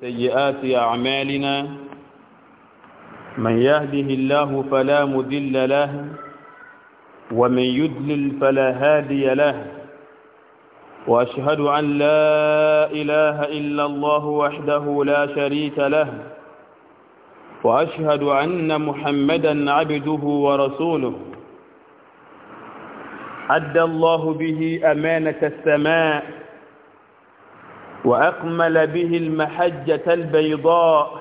سيئات أعمالنا من يهده الله فلا مذل له ومن يدلل فلا هادي له وأشهد أن لا إله إلا الله وحده لا شريك له وأشهد أن محمدا عبده ورسوله أدى الله به أمانة السماء وأكمل به المحجة البيضاء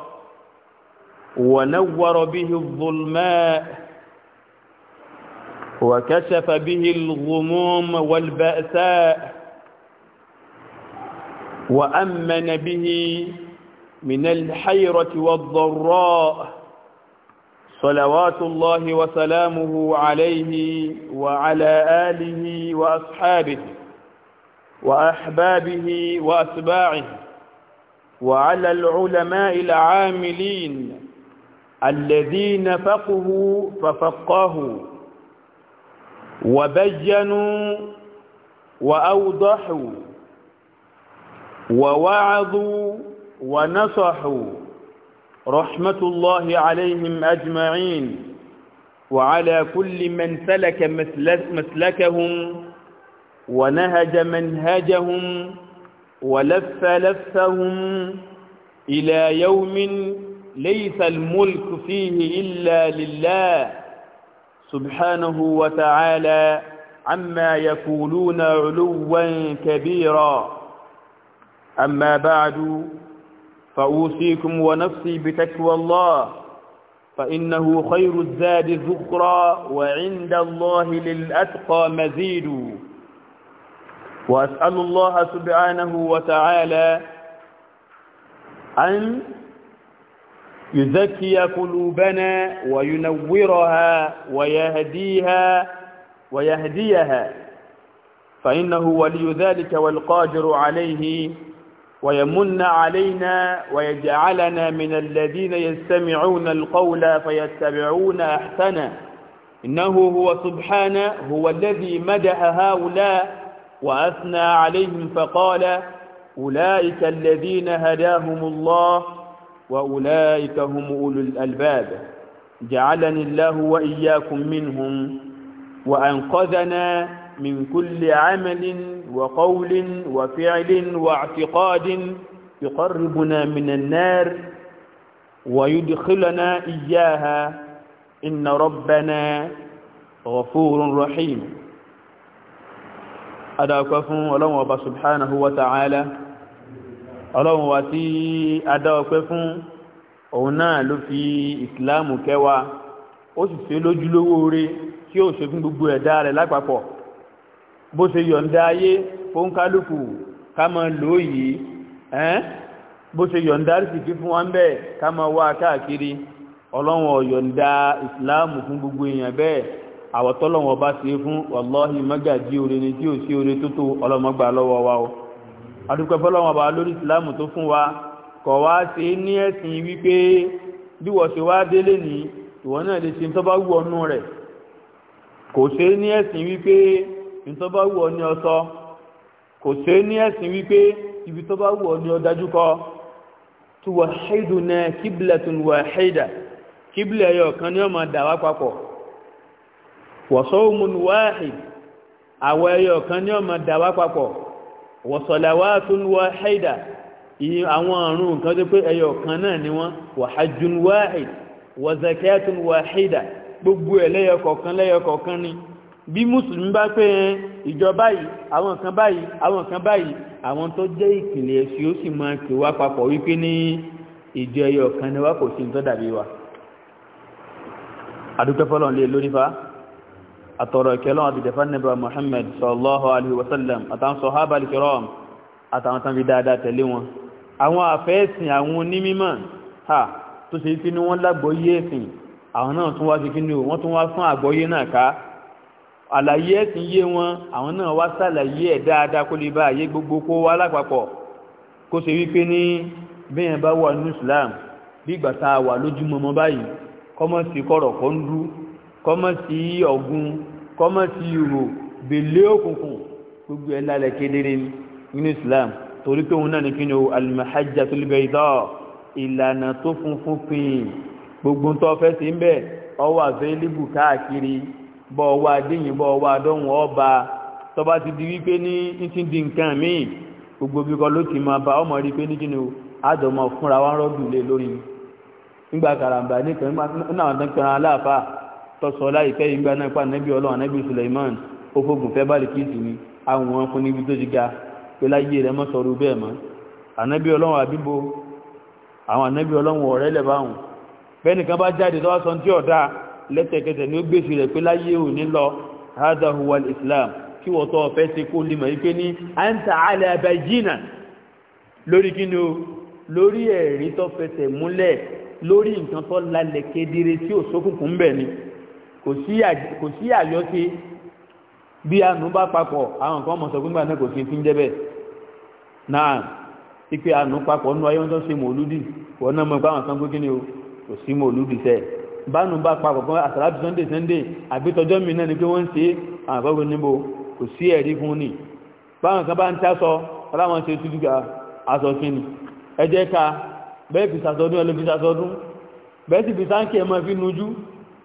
ونور به الظلماء وكشف به الغموم والبأساء وأمن به من الحيرة والضراء صلوات الله وسلامه عليه وعلى آله وأصحابه وأحبابه وأتباعه وعلى العلماء العاملين الذين فقهوا ففقهوا وبينوا وأوضحوا ووعظوا ونصحوا رحمة الله عليهم أجمعين وعلى كل من سلك مسلكهم ونهج منهجهم ولف لفهم إلى يوم ليس الملك فيه إلا لله سبحانه وتعالى عما يقولون علوا كبيرا أما بعد فأوصيكم ونفسي بتكوى الله فإنه خير الزاد ذكرا وعند الله للأتقى مزيد وأسأل الله سبحانه وتعالى أن يزكي قلوبنا وينورها ويهديها ويهديها فإنه ولي ذلك والقادر عليه ويمن علينا ويجعلنا من الذين يستمعون القول فيتبعون أحسنه إنه هو سبحانه هو الذي مدح هؤلاء وأثنى عليهم فقال أولئك الذين هداهم الله وأولئك هم أولو الألباب جعلني الله وإياكم منهم وأنقذنا من كل عمل وقول وفعل واعتقاد يقربنا من النار ويدخلنا إياها إن ربنا غفور رحيم adáwọ̀kọ́ fún ọlọ́run ọba subhanahu wa ta'ala ọlọ́run wa tí adáwọ̀kọ́ fún òun náà ló fi ìsìláàmù kẹwàá ó sì ṣe lójúlówó oore tí ó ṣe fún gbogbo ẹ̀dá rẹ̀ lápapọ̀ bó ṣe yọ̀ǹda ayé fún kálukú ká máa lò yìí ẹ́n bó ṣe àwọ̀tọ́lọ́wọ́ bá ṣe fún wàláhì mágàjí orin ni tí ò sí orin tó tó ọlọ́mọgbà lọ́wọ́ wa o adúpẹ́ fọ́lọ́wọ́ bá lórí ìsìláàmù tó fún wa kọ̀ wá ṣe ní ẹ̀sìn wípé bí wọ́n ṣe wá délé ní ìwọ̀n náà lè ṣe ń tọ́bá wù ọ wọ̀sọ́ọ̀mùn wáhì àwọ̀ ẹyọ kan ní ọmọ dàwà papọ̀ wọ̀sọ̀làwà tún wọ haida iye àwọn àrùn nǹkan tó pé ẹyọ kan náà ni wọ́n wàhájún wáhì wọ̀zẹ̀kẹ́tún wọ haida gbogbo ẹ̀ lẹ́yọ kọ̀ọ̀kan ni bí mùsùlùmí bá pé ìjọba yìí àwọn kan báyìí àwọn tó jẹ́ ìpìlẹ̀ sí ó sì máa kí wá papọ̀ wípé ní ìjọ ẹyọ kan ni wá kò sí ní tó dàbí wa adúpẹ́ fọlọ́n lórí fa àtọ̀rọ̀ ìkẹlọ́n àti ìdẹ̀fánibà Muhammad sallallahu alaihi wasallam àtàwọn sọ̀hábà alìkẹrọ́m àtàwọn tán fi dáadáa tẹ̀lé wọn àwọn àfẹ́ẹ̀sìn àwọn onímímọ̀ ha tó ṣe tí ní wọ́n lágbọ́yé ẹ̀sìn àwọn náà tún wá sí kí ní o wọ́n tún wá fún àgbọ́yé náà ká àlàyé ẹ̀sìn yé kọ́mọ́ sí ọ̀gùn kọ́mọ́ sí ihò bèlé òkùnkùn gbogbo ẹ̀ lálẹ́ kedere nínú islam torí pé òun náà ní kíni o alimahajja tó lè bẹ ìdọ́ ìlànà tó funfun pin gbogbo tó fẹ́ sí ń bẹ̀ ọwọ́ àfẹ́lẹ́bù káàkiri bọ́ ọwọ́ adéyìn bọ́ ọwọ́ adọ́hùn ọba tọba ti di wípé ní ti di nǹkan míì gbogbo bí kọ ló ti máa ba ọmọ rí pé ní kíni o àjọmọ fúnra wa ń rọ́dùn lé lórí nígbà karambà nìkan náà tán pẹ̀rọ aláàfáà tọ́sọ láìpẹ́ ìgbà náà pa nẹ́bí ọlọ́run anẹ́bí suleiman ó fógun fẹ́ báàlì kìtì ni àwọn fún níbi tó ti ga pé láyé rẹ̀ mọ́ sọ̀rọ̀ bẹ́ẹ̀ mọ́ anẹ́bí ọlọ́run àbíbo àwọn anẹ́bí ọlọ́run ọ̀rẹ́ lẹ̀ báwọn bẹ́ẹ̀ nìkan bá jáde tó wá sọ tí ọ̀dà lẹ́tẹ̀kẹsẹ̀ ni ó gbèsè rẹ̀ pé láyé ò ní lọ hada huwal islam kí wọ́n tọ́ ọ̀fẹ́ ṣe kó limọ̀ yìí pé ní àǹtà alẹ́ abẹ́jìnà lórí kí ni o lórí ẹ̀rí tó fẹsẹ̀ múlẹ̀ lórí nǹkan tó lalẹ̀ kedere tí ò sókùnkùn bẹ̀ ni kò sí àyọ́sí bí àánú bá papọ̀ àwọn kan mọ̀ sọ pé gbàgbé kò sí fi ń jẹ́ bẹ́ẹ̀ náà ipe àánú papọ̀ nínú ayé wọn tó ṣe mòlúdì wọn náà mọ̀ ni o kò sí mòlúdì sẹ́ẹ̀ bánu bá papọ̀ kan àsàlábì sunday ni pé wọ́n ń ṣe àwọn àkọ́kọ́ níbo kò sí ẹ̀rí fún ni báwọn kan bá ń tásọ aláwọn ṣe tuntun ká aṣọ kíni ẹjẹ́ ká bẹ́ẹ̀ fi sàṣọdún ẹlòmí sàṣọdún bẹ́ẹ̀ sì fi sáńkì ẹ̀mọ́ fi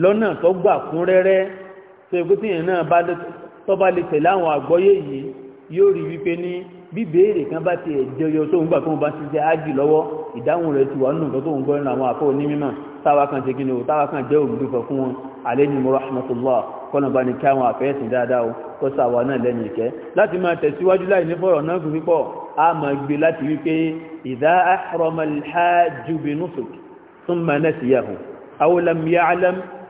lọ́nà tó gbà kún rẹ́rẹ́ tó ikú tí yẹn náà tó bá lè tẹ̀lé àwọn àgbọ́yé yìí yóò rí wípé ní bíbéèrè kan bá ti ẹ̀jẹyọ tó ń gbà tó ń bá ti jẹ́ ájì lọ́wọ́ ìdáhùn rẹ̀ ti wà nù tó ń gbọ́ nínú àwọn àfọ́ onímọ̀ táwa kan ṣe kíni o táwa kan jẹ́ òmìnirúfẹ́ fún wọn àlẹ́ni mọ́ rahmatullah kọ́nà bá ní kí àwọn àfẹ́ẹ̀sìn dáadáa kó sàwà náà lẹ́nu ìkẹ́ láti máa tẹ̀síwájú láì ní fọ̀rọ̀ náà gùn púpọ̀ a máa gbé láti wípé ìdá ahramal hajj bi nusuk thumma nasiyahu aw lam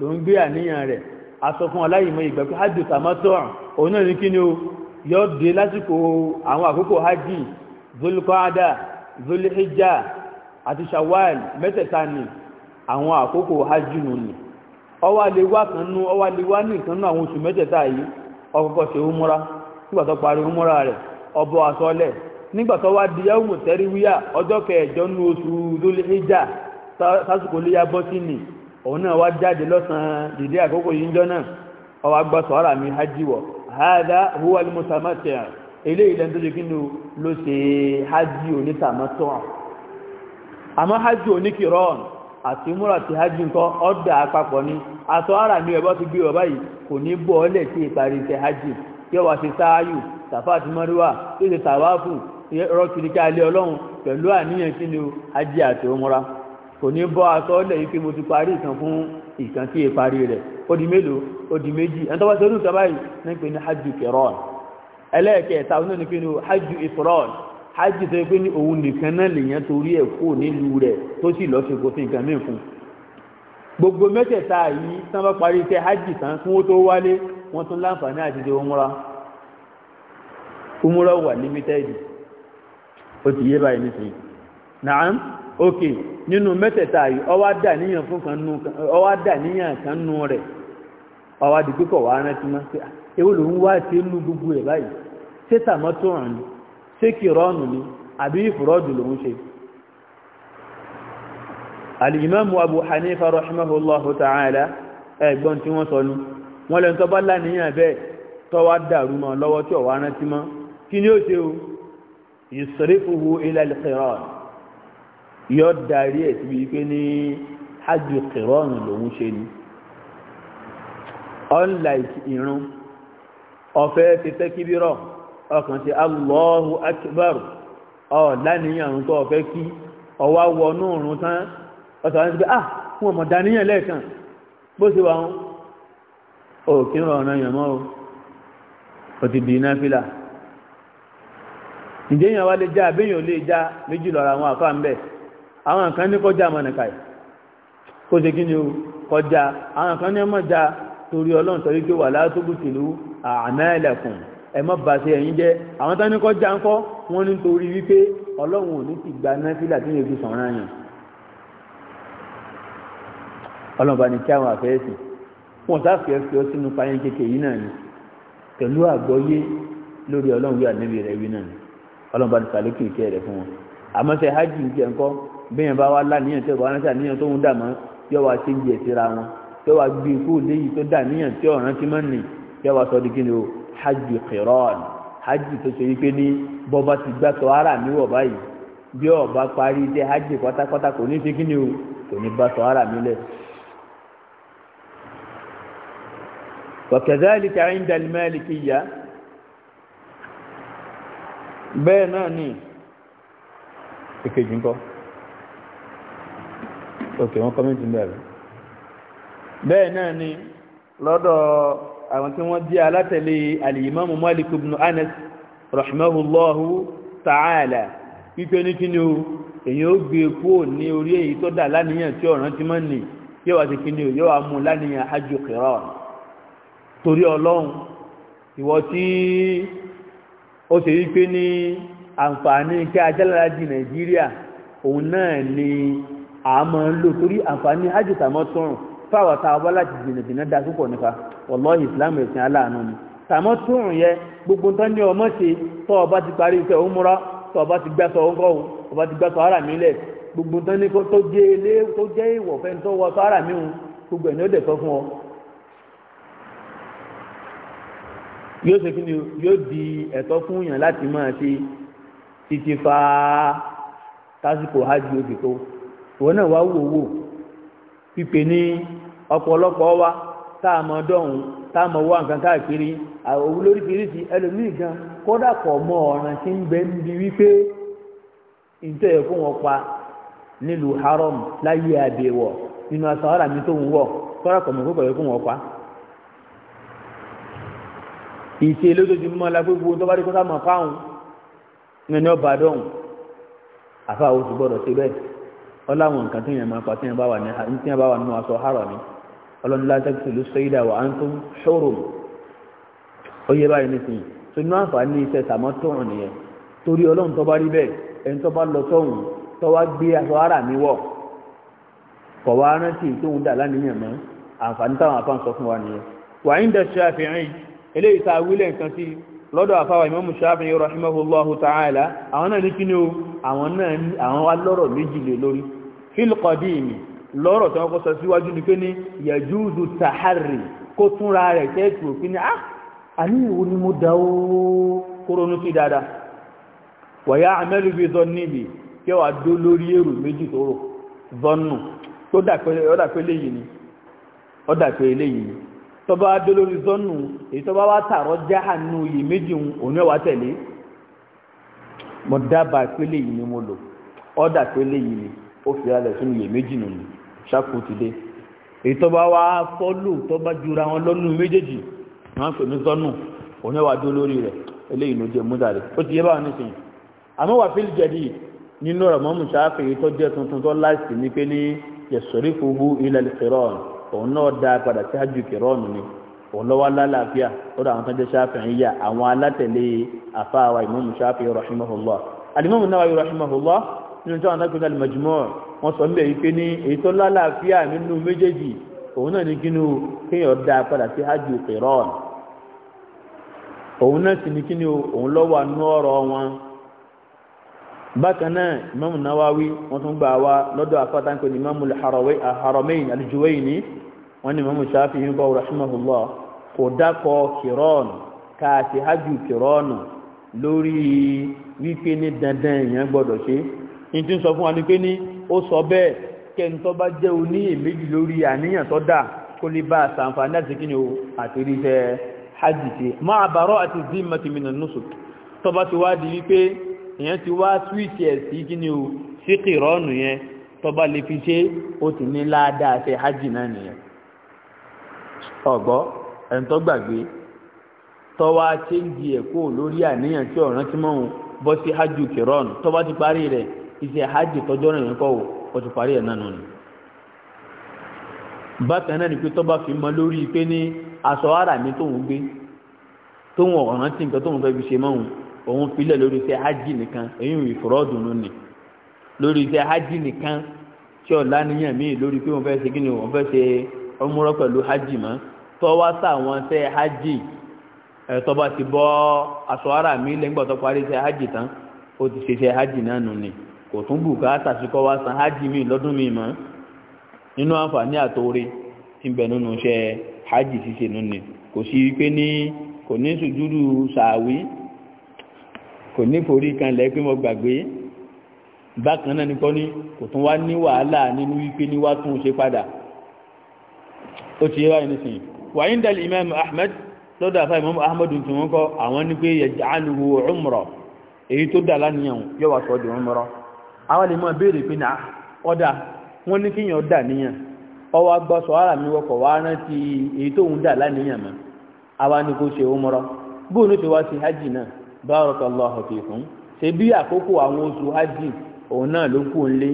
ló ń gbé àníyàn rẹ̀ aṣọ fún aláìmọ̀ ìgbà pé hajj tàmátọ̀ òun náà ní kí ni o yọ dé lásìkò àwọn àkókò hajj zolikọ́ádà zolihijjá àti shawal mẹ́tẹ̀ẹ̀ta ni àwọn àkókò hajj nù ni ọwá lè wá kan nú ọwá ọbọ wá di yahoo ọjọ́ kẹjọ nú oṣù sásìkò léyà òun náà wá jáde lọ́sàn-án dìde àkókò yìí jọ náà ọwá gbọ́ sọ́ọ́rà mi hajj wọ̀ hada huwa al-mutamatti'a eléyìí lẹ́nu tó ṣe kí ni ló ṣe hajj onítàmọ́tọ̀ àmọ́ hajj oníkìrọ́ọ̀nù àti múra ti hajj nǹkan ọ̀dà àpapọ̀ ni aṣọ ara mi ẹ̀bọ́ ti gbé ọba yìí kò ní bọ́ ọlẹ̀ sí ìparí tẹ hajj yóò wá sí sááyù tàfà àti mọ́ríwá yóò ṣe tàwáfù rọ́ọ̀kì kò ní bọ́ àsọ́ọ́lẹ̀ yìí pé mo ti parí ìkan fún ìkan tí è parí rẹ̀ ó di mélòó ó di méjì ẹni tó bá sọ́rọ̀ ìtọ́ báyìí ní pé ní hajj kẹrọ́ọ̀n ẹlẹ́ẹ̀kẹta ó ní pé ní hajj ìfọ́rọ̀ọ̀n hajj tó pé ní òun nìkan náà lèèyàn torí ẹ̀ kó nílùú rẹ̀ tó sì lọ́ọ́ limited ó ti yé báyìí nísìnyí naam Ok, nínú mẹ́tẹ̀ẹ̀ta yìí ọwá dà níyàn fún kan nú ọwá dà níyàn kan nú rẹ̀ ọwá di pípọ̀ wá rántí mọ́ sí ewu ah, ló ń wá sí inú gbogbo ẹ̀ báyìí ṣé tàmọ́ tó hàn ní ṣé kìrọ́ọ̀nù ni àbí ìfúrọ́ọ̀dù ló ń ṣe. alìmọ́mù abu hanifa rahimahullahu ta'ala ẹ̀gbọ́n tí wọ́n sọ ni wọ́n lẹ́nu tó bá láníyàn bẹ́ẹ̀ tó wá dàrú mọ́ lọ́wọ́ tí ọ̀wá rántí mọ́ kí ni ó ṣe o yọ darí ẹ̀ síbi pé ní hajj kìrọ́ọ̀nù lòún ṣe ni unlike irun ọ̀fẹ́ ti tẹ́kíbírọ̀ ọkàn ti allahu akbar ọ̀láníyàn tó ọ̀fẹ́ kí ọwá wọnú òrùn tán ọ̀sán ti pé ah wọn mọ̀ dáníyàn lẹ́ẹ̀kan bó ṣe wà wọn ò kí rọ ọ̀nà yàn mọ́ o ò ti bì iná fílà ìjẹ́yàn wá lè já àbẹ́yàn lè já méjì lọ́ra àwọn àfáà ń bẹ̀ àwọn kan ní kọjá mọ̀nàkàì kó ṣe kí ni ó kọjá àwọn kan ní mọ̀já torí ọlọ́run torí pé wà látúbù tìlú àmẹ́lẹ̀kùn ẹ mọ́ bá ṣe ẹ̀yìn jẹ́ àwọn tán ní kọjá ńkọ́ wọ́n ní torí wípé ọlọ́run ò ní ti gba náfìlà tí yóò fi sọ̀rọ̀ àyàn ọlọ́run bá ní kí àwọn àfẹ́ẹ̀sì lórí ọlọ́run wí ànábì rẹ̀ wí náà ọlọ́run bá ní sàlékì ìkẹ́ rẹ̀ fún wọn àmọ́ hajj ń jẹ́ ńkọ́ bẹ́ẹ̀ bá wá láníyàn tẹ́ wàá rántí àníyàn tó ń dà mọ́ yọ wá ṣe ń jẹ síra wọn tẹ́ wàá gbé kó léyìí tó dà níyàn tí ọ̀ràn ti mọ́ nì yọ wá sọ di kí ni o hajj qiran hajj tó ṣe wípé ní bọ́ba ti gbá tọ́ ara mi wọ̀ báyìí bí ọba parí dé hajj pátápátá kò ní ṣe kí o kò ní bá tọ́ ara mi lẹ̀. وكذلك عند المالكيه bẹ́ẹ̀ náà ni ìkejì ńkọ́ ok wọ́n kọ́mẹ́ntì ń bẹ̀rẹ̀ bẹ́ẹ̀ náà ni lọ́dọ̀ àwọn tí wọ́n jẹ́ alátẹ̀lé alìyìmọ́mù malik ibn anas rahimahullahu ta'ala pípẹ́ ní kíni o èyàn ó gbé kó ní orí èyí tó dà láníyàn tí ọ̀ràn ti máa ń nì yóò wá sí kíni o yóò wá mú láníyàn hajj kìrọ̀ torí ọlọ́run ìwọ tí ó ṣe wípé ní àǹfààní kí ajálára di nàìjíríà òun náà ni àmọ́ ń lò torí àǹfààní hajj tàmọ́tọ́rùn fáwọn tá a láti jìnnàjìnnà dá púpọ̀ nípa wọ́lọ́ọ̀hì islam ẹ̀sìn aláàánú ni tàmọ́tọ́rùn yẹ gbogbo tán ní ọmọ ṣe tọ́ ọba ti parí iṣẹ́ òmùrọ́ tọ́ ọba ti gbẹ́sọ̀ ọgọ́rùn ọba ti gbẹ́sọ̀ ara mi lẹ̀ gbogbo tán ní tó jẹ́ ilé tó jẹ́ ìwọ̀ fẹ́ tó wọ sọ ara mi hun gbogbo ẹ̀ ní ó dẹ̀ sọ fún ọ. yóò ṣe kí ni yóò di ẹ̀tọ́ fún yàn láti máa ṣe títí fa tásìkò hajj òfin tó ìwọ náà wá wò wò ní ọ̀pọ̀lọpọ̀ wa tá a nǹkan káàkiri òwú lóríṣiríṣi ẹlòmíì gan kódà pọ̀ mọ ọ̀ràn tí ń bẹ níbi wípé ìtọ́ pa nílùú haram láyé àbẹ̀wọ̀ nínú aṣọ mi tó ń wọ̀ pọ̀ mọ kókò yẹ fún wọn pa ìṣe lójoojúmọ́ tó bá kó mọ̀ fáwọn ní ti gbọ́dọ̀ ṣe ọláwọn nǹkan tí yẹn máa pa tí yẹn bá wà ní tí yẹn bá wà nínú aṣọ hárọ̀ ni ọlọ́nulá tẹ́kítìlú sọ́yídà wà á ń tún ṣòro ó yẹ báyìí nísìnyí tó inú àǹfààní iṣẹ́ tàmọ́tòrùn nìyẹn torí ọlọ́run tó bá rí bẹ́ẹ̀ ẹni tó bá lọ sọ́hùn tó wá gbé aṣọ hárà mi wọ̀ kọ̀ wá rántí tó ń dà lánìyàn mọ́ àǹfààní táwọn afáàn sọ fún wa nìyẹn wà á ń dẹ̀ ṣe àfihàn eléyìí tá a wílẹ̀ nǹkan sí àwọn náà ní kíni o àwọn náà àwọn wá lọ́rọ̀ filkọ̀dìmì lọ́rọ̀ tí wọ́n kọ́ sọ síwájú ni pé ní yẹjúùdù tàhárì kó túnra rẹ̀ tẹ́ẹ̀tù òfin ni ah àní ìwò ni mo dá ó kóronú sí dáadáa wọ̀yá amẹ́lú bíi zọ níbi kí wàá dó lórí èrò méjì tó rò zọ́nù tó dà léyìí ni ó dà léyìí ni tọba dó lórí zọ́nù èyí tọba wá tààrọ́ jáhà yìí méjì òun ẹ̀wà tẹ̀lé mo dábàá pé léyìí ni mo lò ó dà léyìí ni ó fi alẹ̀ sínú iye méjì nù ní ṣáko ti dé ìtọ́ba wa fọ́lù tọ́ba jura wọn lọ́nù méjèèjì wọ́n pè mí sọ́nù oníwàdó lórí rẹ̀ eléyìí ló jẹ́ múdàrí ó ti yẹ báwọn nísìnyí àmọ́ wà fílì jẹ̀dí nínú ọ̀rọ̀ mọ́mú ṣááfì yìí tó jẹ́ tuntun tó láìsí ní pé ní yẹ̀sọ̀rí fúhu ilẹ̀ kìrọ̀n òun náà dá padà sí ájú kìrọ̀n ni òun lọ́wọ́ lálàáfíà ó dà àwọn tó jẹ́ ṣááfì yìí yà àwọn alátẹ̀lé àfáàwà ìmọ̀mú ṣááfì rahimahullah alimọ́mù náà rahimahullah nínú tí wọn náà gbẹdọ mẹjùmọ wọn sọ níbẹ yìí pé ní èyí tó lálàáfíà nínú méjèèjì òun náà ní kínú kéèyàn dá padà sí hajj kìrọọnù òun náà sì ní kínú òun lọ wà nú ọrọ wọn bákan náà ìmọ̀mù náà wáwí wọn tún gbà wá lọ́dọ̀ àfọ́tàǹkò ní ìmọ̀mù àhàrọ̀mẹ́yìn àlùjúwẹ́yìn ní wọn ní ìmọ̀mù sáfì yìí ń bọ̀ kò dákọ̀ kìrọọnù káàsì hajj kìrọọnù lórí wípé ní dandan èèyàn gbọdọ̀ ṣe ní tí ń sọ fún wa ní pé ní ó sọ bẹ́ẹ̀ kẹ́ntọ́ bá jẹ́ oní èméjì lórí àníyàn tó dà kó lè bá àsànfàní àti kí ni o àti rí fẹ́ hajj ṣe máa bàárọ̀ àti zimati minan nusuk tó bá ti wá di wípé èèyàn ti wá swíìtì ẹ̀ sí kí ni o sí kìrọ́ọ̀nù yẹn tó bá lè fi ṣe ẹ̀kọ́ lórí àníyàn tí ọ̀ràn tí mọ́ bọ́ sí hajj kìrọ́ọ̀nù tó ti parí rẹ̀ iṣẹ́ hajj tọjọ́ náà yẹn kọ́ o ó ti parí ẹ̀ náà nù ni bákan náà ni pé tọ́ba fi mọ lórí pé ní aṣọ ara mi tóun gbé tóun ọ̀ràn tí nǹkan tóun fẹ́ fi ṣe mọ́hun òun filẹ̀ lórí iṣẹ́ hajj nìkan èyí ò ìfúrọ́dùn ni lórí iṣẹ́ hajj nìkan tí ọ̀la níyàn míì lórí pé wọ́n fẹ́ ṣe kíni wọ́n fẹ́ ṣe ọmúrọ́ pẹ̀lú hajj mọ́ tọ́wá sáwọn ṣe hajj ẹ̀tọ́ba ti bọ́ aṣọ ara mi lẹ́gbọ̀tọ́ parí iṣẹ́ hajj tán ó ti ṣe iṣẹ́ hajj náà nù ni kò tún bùkátà sí kọ́ wá san hajj mi lọ́dún mi mọ́ nínú àǹfààní àtòore tí ń bẹ nínú iṣẹ́ hajj ṣíṣe nínú kò sí wípé ní kò ní sùjúdù sàáwí kò ní forí kan lẹ́ pé mo gbàgbé bákan náà nìkan ní kò tún wá ní wàhálà nínú wípé ní wá tún ṣe padà ó ti yẹ báyìí nísìnyí wàyí ń dalí imam ahmed lọ́dọ̀ àfáà imam ahmed tí wọ́n kọ́ àwọn ní pé yẹ jàánu umrọ̀ èyí tó dà lánìyàn yóò wá sọ́ọ́ di umrọ̀ àwọn lè mọ́ béèrè pé náà ọ̀dà wọ́n ní kíyàn dà níyàn ọwọ́ agbọ́sọ̀ ara mi wọkọ̀ wá rántí èyí tó ń dà láníyàn mọ́ àwa ni kò ṣe ó mọ́rọ́ bó ní ṣe wá sí hajj náà barakallahu fikum ṣe bí àkókò àwọn oṣù hajj òun náà ló kù ńlé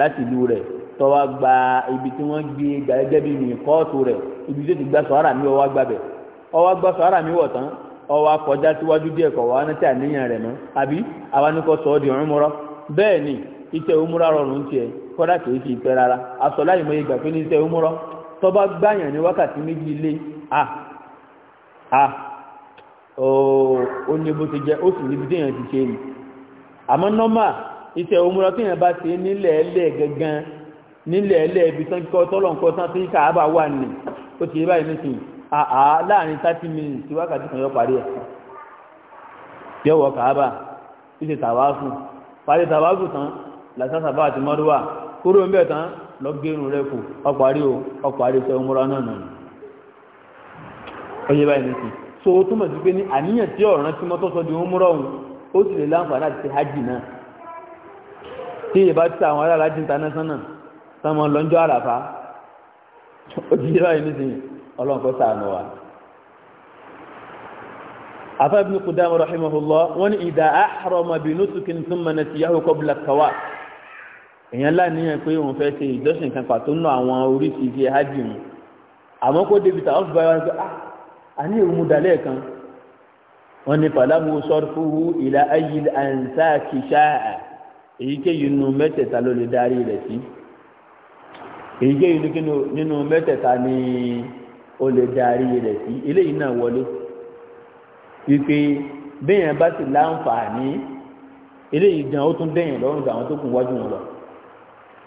láti ìlú rẹ̀ tọ́wọ́ gba ibi tí wọ́n gbé e gẹ́gẹ́ bí ní kóòtù rẹ̀ ibi tó ti gba sọ̀hárà mi mi wọ̀ ni kò sọ ọ́ di ọ̀rún mọ́rọ́ bẹ́ẹ̀ ni iṣẹ́ òmùra rọrùn tiẹ̀ kọ́dà kìí fi ìpẹ́ rárá aṣọ láì mọ ìgbà pé ní iṣẹ́ òmùrọ́ tó bá gbàyàn ní wákàtí méjì lé à à ó ní bó ti jẹ́ ó sì níbi téèyàn ti ṣe ni àmọ́ nọ́mà iṣẹ́ òmùrọ́ téèyàn bá ṣe nílẹ̀ ẹlẹ́ gangan nílẹ̀ ẹlẹ́ ibi tán kọ́ tọ́lọ̀nkọ́ tán tí káàbà wà ní ó ti yé báyìí nísìnyí àà láàrin thirty minutes tí wákàtí kan yọ parí ẹ̀ yọ̀wọ̀ káàbà ó ṣe tàwáfù parí tàwáfù tán làṣàṣà bá àti mọ́rúwà kúrò ń bẹ̀ tán lọ gẹ́rùn rẹ̀ kù ọparí o ọparí fẹ́ múra náà nà ní ọyẹ báyìí nìkan so ó túmọ̀ sí pé ní àníyàn tí ọ̀ràn tí mọ́tò sọ di ń múra òun ó sì lè láǹfààní àti ṣe hajj náà tí ìyẹ̀bá ti àwọn ará alájí international sọmọ lọ́njọ́ àràfá ó báyìí nìkan ọlọ́run kọ́ sàánú wa afẹ́bìnrin kudama rahimahullah wọ́n ni ìdá àhàrọ̀mọ̀ bínú sùkín túnmọ̀ nà ti yahoo èèyàn láníyàn pé òun fẹ́ ṣe ìjọsìn kan pàtó nù àwọn oríṣi ibi ẹ̀hájì mu àmọ́ kó débi tàwọn fi báyọ̀ pé ah àní ìrùmú dalẹ̀ kan wọ́n ní fàlámù sọ́fúrú ìlà ayé àǹtá kìṣà èyíkéyìí nínú mẹ́tẹ̀ẹ̀ta ló lè darí rẹ̀ sí èyíkéyìí nínú mẹ́tẹ̀ẹ̀ta ni ó lè darí rẹ̀ sí eléyìí náà wọlé wípé bẹ́ẹ̀ bá sì láǹfààní eléyìí gan ó tún dẹ̀yìn lọ́rùn àwọn tó kù wájú wọn lọ.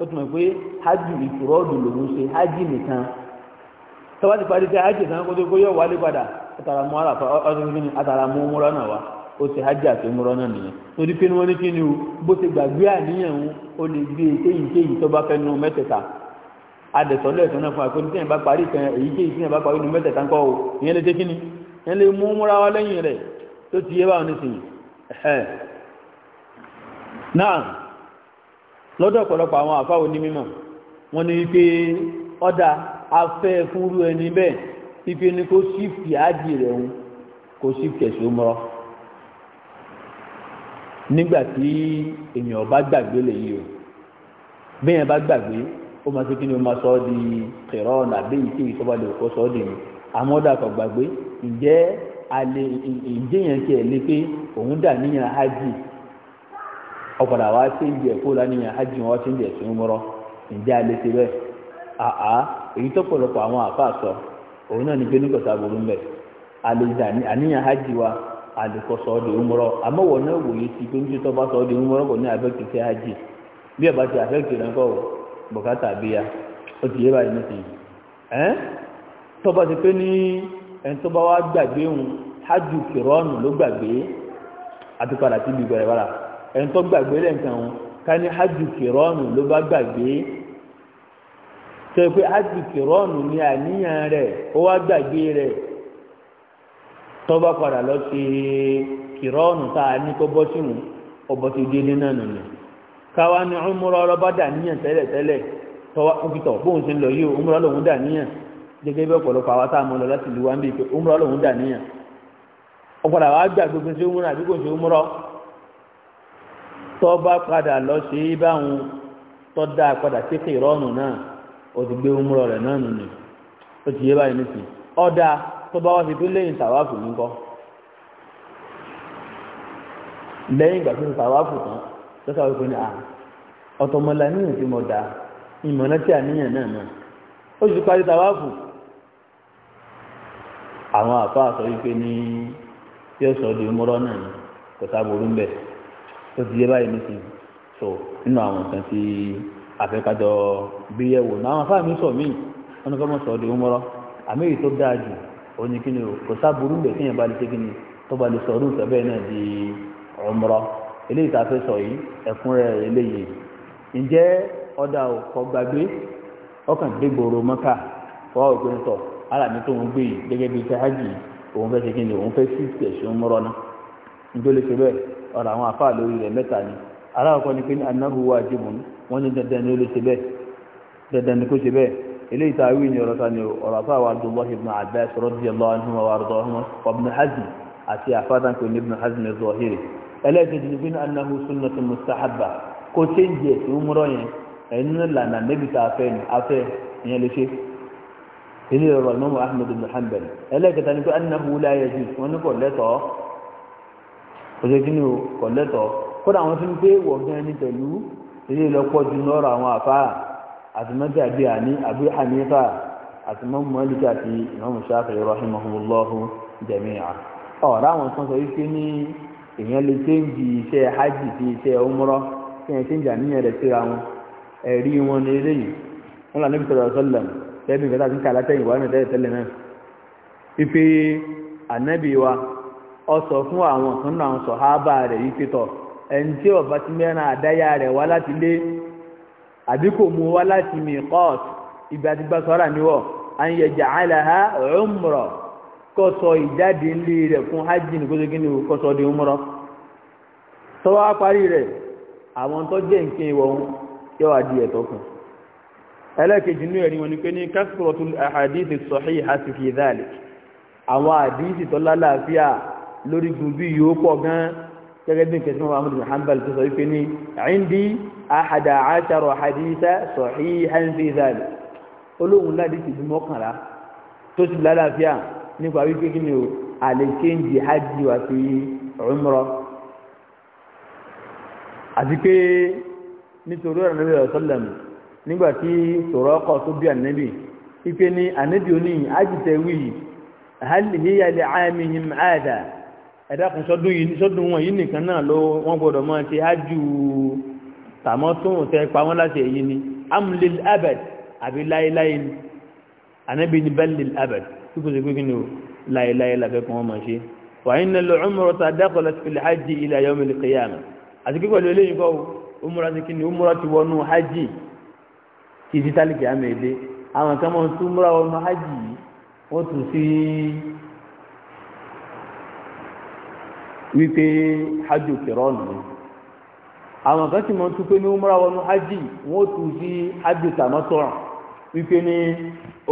ó túnmọ̀ pé hajj ìfúrọ́ọ̀dù lòún ṣe hajj nìkan tọ́wá ti parí pé hajj ìtàn kótó kó yọ wálé padà àtàràmú ni àtàràmú múra náà wá ó ti hajj àti múra náà nìyẹn torí pé wọ́n ní kí ni o bó ti gbàgbé àníyàn o lè gbé èyíkéyìí tó bá fẹ́ nu mẹ́tẹ̀ẹ̀ta adẹ̀sọ́lẹ̀ ẹ̀sán náà fún àpẹẹrẹ tí yẹn bá parí kan èyíkéyìí tí yẹn bá parí nu mẹ́tẹ̀ẹ̀ta ńkọ́ o ìyẹn lè dé kí ni ìyẹn lè mú múra wá lẹ́yìn rẹ̀ tó ti yé báwọn nísìnyí. náà lọ́dọ̀ ọ̀pọ̀lọpọ̀ àwọn àfá òní mímọ̀ wọ́n ní wípé ọ́dà afẹ́ fúnrú ẹni bẹ́ẹ̀ wípé ní kó sífì ájì rẹ̀ ń kó sífì ẹ̀sùn mọ́ nígbà tí èèyàn bá gbàgbé lèyí o bí bá gbàgbé ó máa ṣe kí ni ó máa sọ ọ́ di kẹ̀rọ nàbí ìké ìsọ́ba lè kó sọ ọ́ di mi àmọ́ ọ́dà kan gbàgbé ǹjẹ́ àlè ìjẹ́yàn tiẹ̀ lé pé òun dà níyàn ájì ọ̀padà wá sí dị ẹ̀kọ́ lánìyàn hajj wọn ti ń jẹ̀ sí múrọ́ ǹjẹ́ alẹ́ ti bẹ́ẹ̀ àá èyí tó pọ̀lọpọ̀ àwọn àfa sọ òun náà ní pé burú àníyàn wa múrọ́ náà wòye tó bá sọ múrọ́ kò ní àfẹ́kì sí hajj bí ẹ̀bá ti àfẹ́kì rẹ̀ kọ́ bùkátà bíya ó ti yé báyìí nísìnyí ẹ́ tó bá ti pé ẹni tó gbàgbé lẹ́ǹkan wọn ká ní hajj ló bá gbàgbé tó yẹ ni àníyàn rẹ̀ ó wá gbàgbé rẹ̀ tó padà lọ sí kìrọ́ọ̀nù tá a ní kó bọ́ sí ọbọ̀ ti dé ní náà nìyẹn káwa ní ọmọrọ ọlọ́ba dà tẹ́lẹ̀tẹ́lẹ̀ òkìtọ̀ bóun ti ń lọ yìí ọmọrọ lòun dà ọ̀pọ̀lọpọ̀ àwa tọba padà lọ ṣe é báwọn tọ́da padà sékè ìrọ́nù náà ó ti gbé umrọ̀ rẹ̀ náà nù ní ó ti yé báyìí nìsín ọ̀dà tọ́ba wá fi lẹ́yìn tàwáfù ní kọ́ lẹ́yìn ìgbà tó ti tàwáfù tán lọ́sà wípé ní à tí mo dá tí àníyàn náà náà ó parí tó ti yẹ báyìí nísìn so nínú àwọn nǹkan tí àfẹ́kájọ gbé yẹ̀wò náà àwọn afáàmì sọ míì wọn ni kọ́mọ̀ sọ ọ́ di umrọ àmì èyí tó dáa jù ó ní kíni o kò sábúrú bẹ̀ kíyàn bá lè ṣe kíni tó bá lè sọ ọdún ìfẹ́ bẹ́ẹ̀ náà di umrọ eléyìí tá a fẹ́ sọ yìí ẹ̀kúnrẹ́ eléyìí ǹjẹ́ ọ̀dà ọkọ̀ gbàgbé ọkàn dégbòrò mọ́kà wọ́n ò gbẹ́ni tọ̀ alàmì tó ń gbé yìí gẹ́gẹ́ bíi sahajì òun fẹ́ ṣe kíni òun fẹ́ sí ìṣẹ̀ṣẹ̀ umrọ náà ǹjọ́ lè ṣe ọ̀rọ̀ àwọn àfáà lórí rẹ̀ mẹ́ta ni aláàkọ́ ni pé ní anáhù wá jìmùn wọ́n ní dandan ni ó lè ṣe bẹ́ẹ̀ dandan ni kó ṣe bẹ́ẹ̀ ilé ìtàwí ni ọ̀rọ̀ tani ọ̀rọ̀ àfáà wa abdullahi ibn abbas radiyallahu anhu wa arda ọmọ ibn hazm àti àfáàdàn pé ní ibn hazm zọhírì ẹlẹ́ẹ̀kejì ni pé ní anáhù sunnatu mustahabba kó chéńjì ẹ̀ sí ni kò lẹ́tọ̀ọ́ òṣè kí ni o kò lẹ́tọ̀ kódà àwọn tí ń pé wọ̀ gan ni pẹ̀lú ilé ìlọ́pọ̀ ju lọ́rọ̀ àwọn àfa àtìmọ́tì àbí àní àbí ànífà àtìmọ́mù mọ́lìkì àti ìmọ̀mù sáfẹ̀ rahimahumullahu jami'a ọ̀rọ̀ àwọn kan sọ wípé ní èèyàn lè tẹ́ǹjì iṣẹ́ hajj sí iṣẹ́ umrọ kí èèyàn tẹ́ǹjì àníyàn rẹ̀ síra wọn ẹ̀rí wọn ní eléyìí wọn là níbi ọsọ fún àwọn kan náà sọ̀hábà rẹ̀ yìí pétọ̀ ẹni tí ọba ti mẹ́ran àdáyà rẹ̀ wá láti lé àbí kò mú wá láti miqat ibi àti gbà sọ́ra níwọ̀ an yaj'alaha umra kó sọ ìjáde ńlé rẹ̀ fún hajj ní kóso kí ni kó sọ di umra tọ́wọ́ parí rẹ̀ àwọn tó jẹ́ nǹkan ìwọ̀ ń yọ àdí ẹ̀tọ́ fún ẹlẹ́kejì inú ẹ̀rí wọn ni pé ní kasratul ahadith as-sahihah fi dhalik àwọn àdíìsì tó lálàáfíà lórí gbùngbí yóò pọ̀ gan gẹ́gẹ́ bí nǹkan tí wọ́n amúlùmí hanbal tó sọ wípé ní àìndí àhàdà àṣàrò àhàdìsá sọ̀hí hanfi zàlì olóhùn láti ti bí mọ́kànlá tó ti lálàáfíà nípa wípé kí ni o àlèkéǹjì hajj wà sí umrah àti pé nítorí ọ̀rọ̀ nàbí ọ̀sọ́lẹ̀mù nígbà tí sọ̀rọ̀ ọkọ̀ tó bí ànábì wípé ní ànábì oníyìn ájìtẹ̀wì hàlìhíyàlẹ̀ àmì him àdà ẹ̀dàkùn sọ́dún yìí sọ́dún wọn yìí nìkan náà ló wọ́n gbọ́dọ̀ mọ́ ti ájú tàmọ́ tóun tẹ́ pa wọ́n láti èyí ni amlil abed àbí láéláé ni ànábì ni bẹ́lil abed tí kò sí pé kí ni o láéláé làfẹ́ kan wọ́n máa ṣe wàyí ní lọ ọmọ ta dákọ̀ láti fi hajj ilẹ̀ ayọ́ mi lè kéyàmù àti kíkọ́ lé lẹ́yìn kọ́ ọmọra ti kí ni ti wọnú hajj kì í ti tálíkì àmì èdè àwọn kan máa tún múra wọnú hajj yìí wọ́n tún sí wípé hajj kìrọ́ nù àwọn kan sì mọ̀ tún pé ní umra wọnú hajj wọn ó tù sí hajj tàmọ́tọ̀ràn wípé ní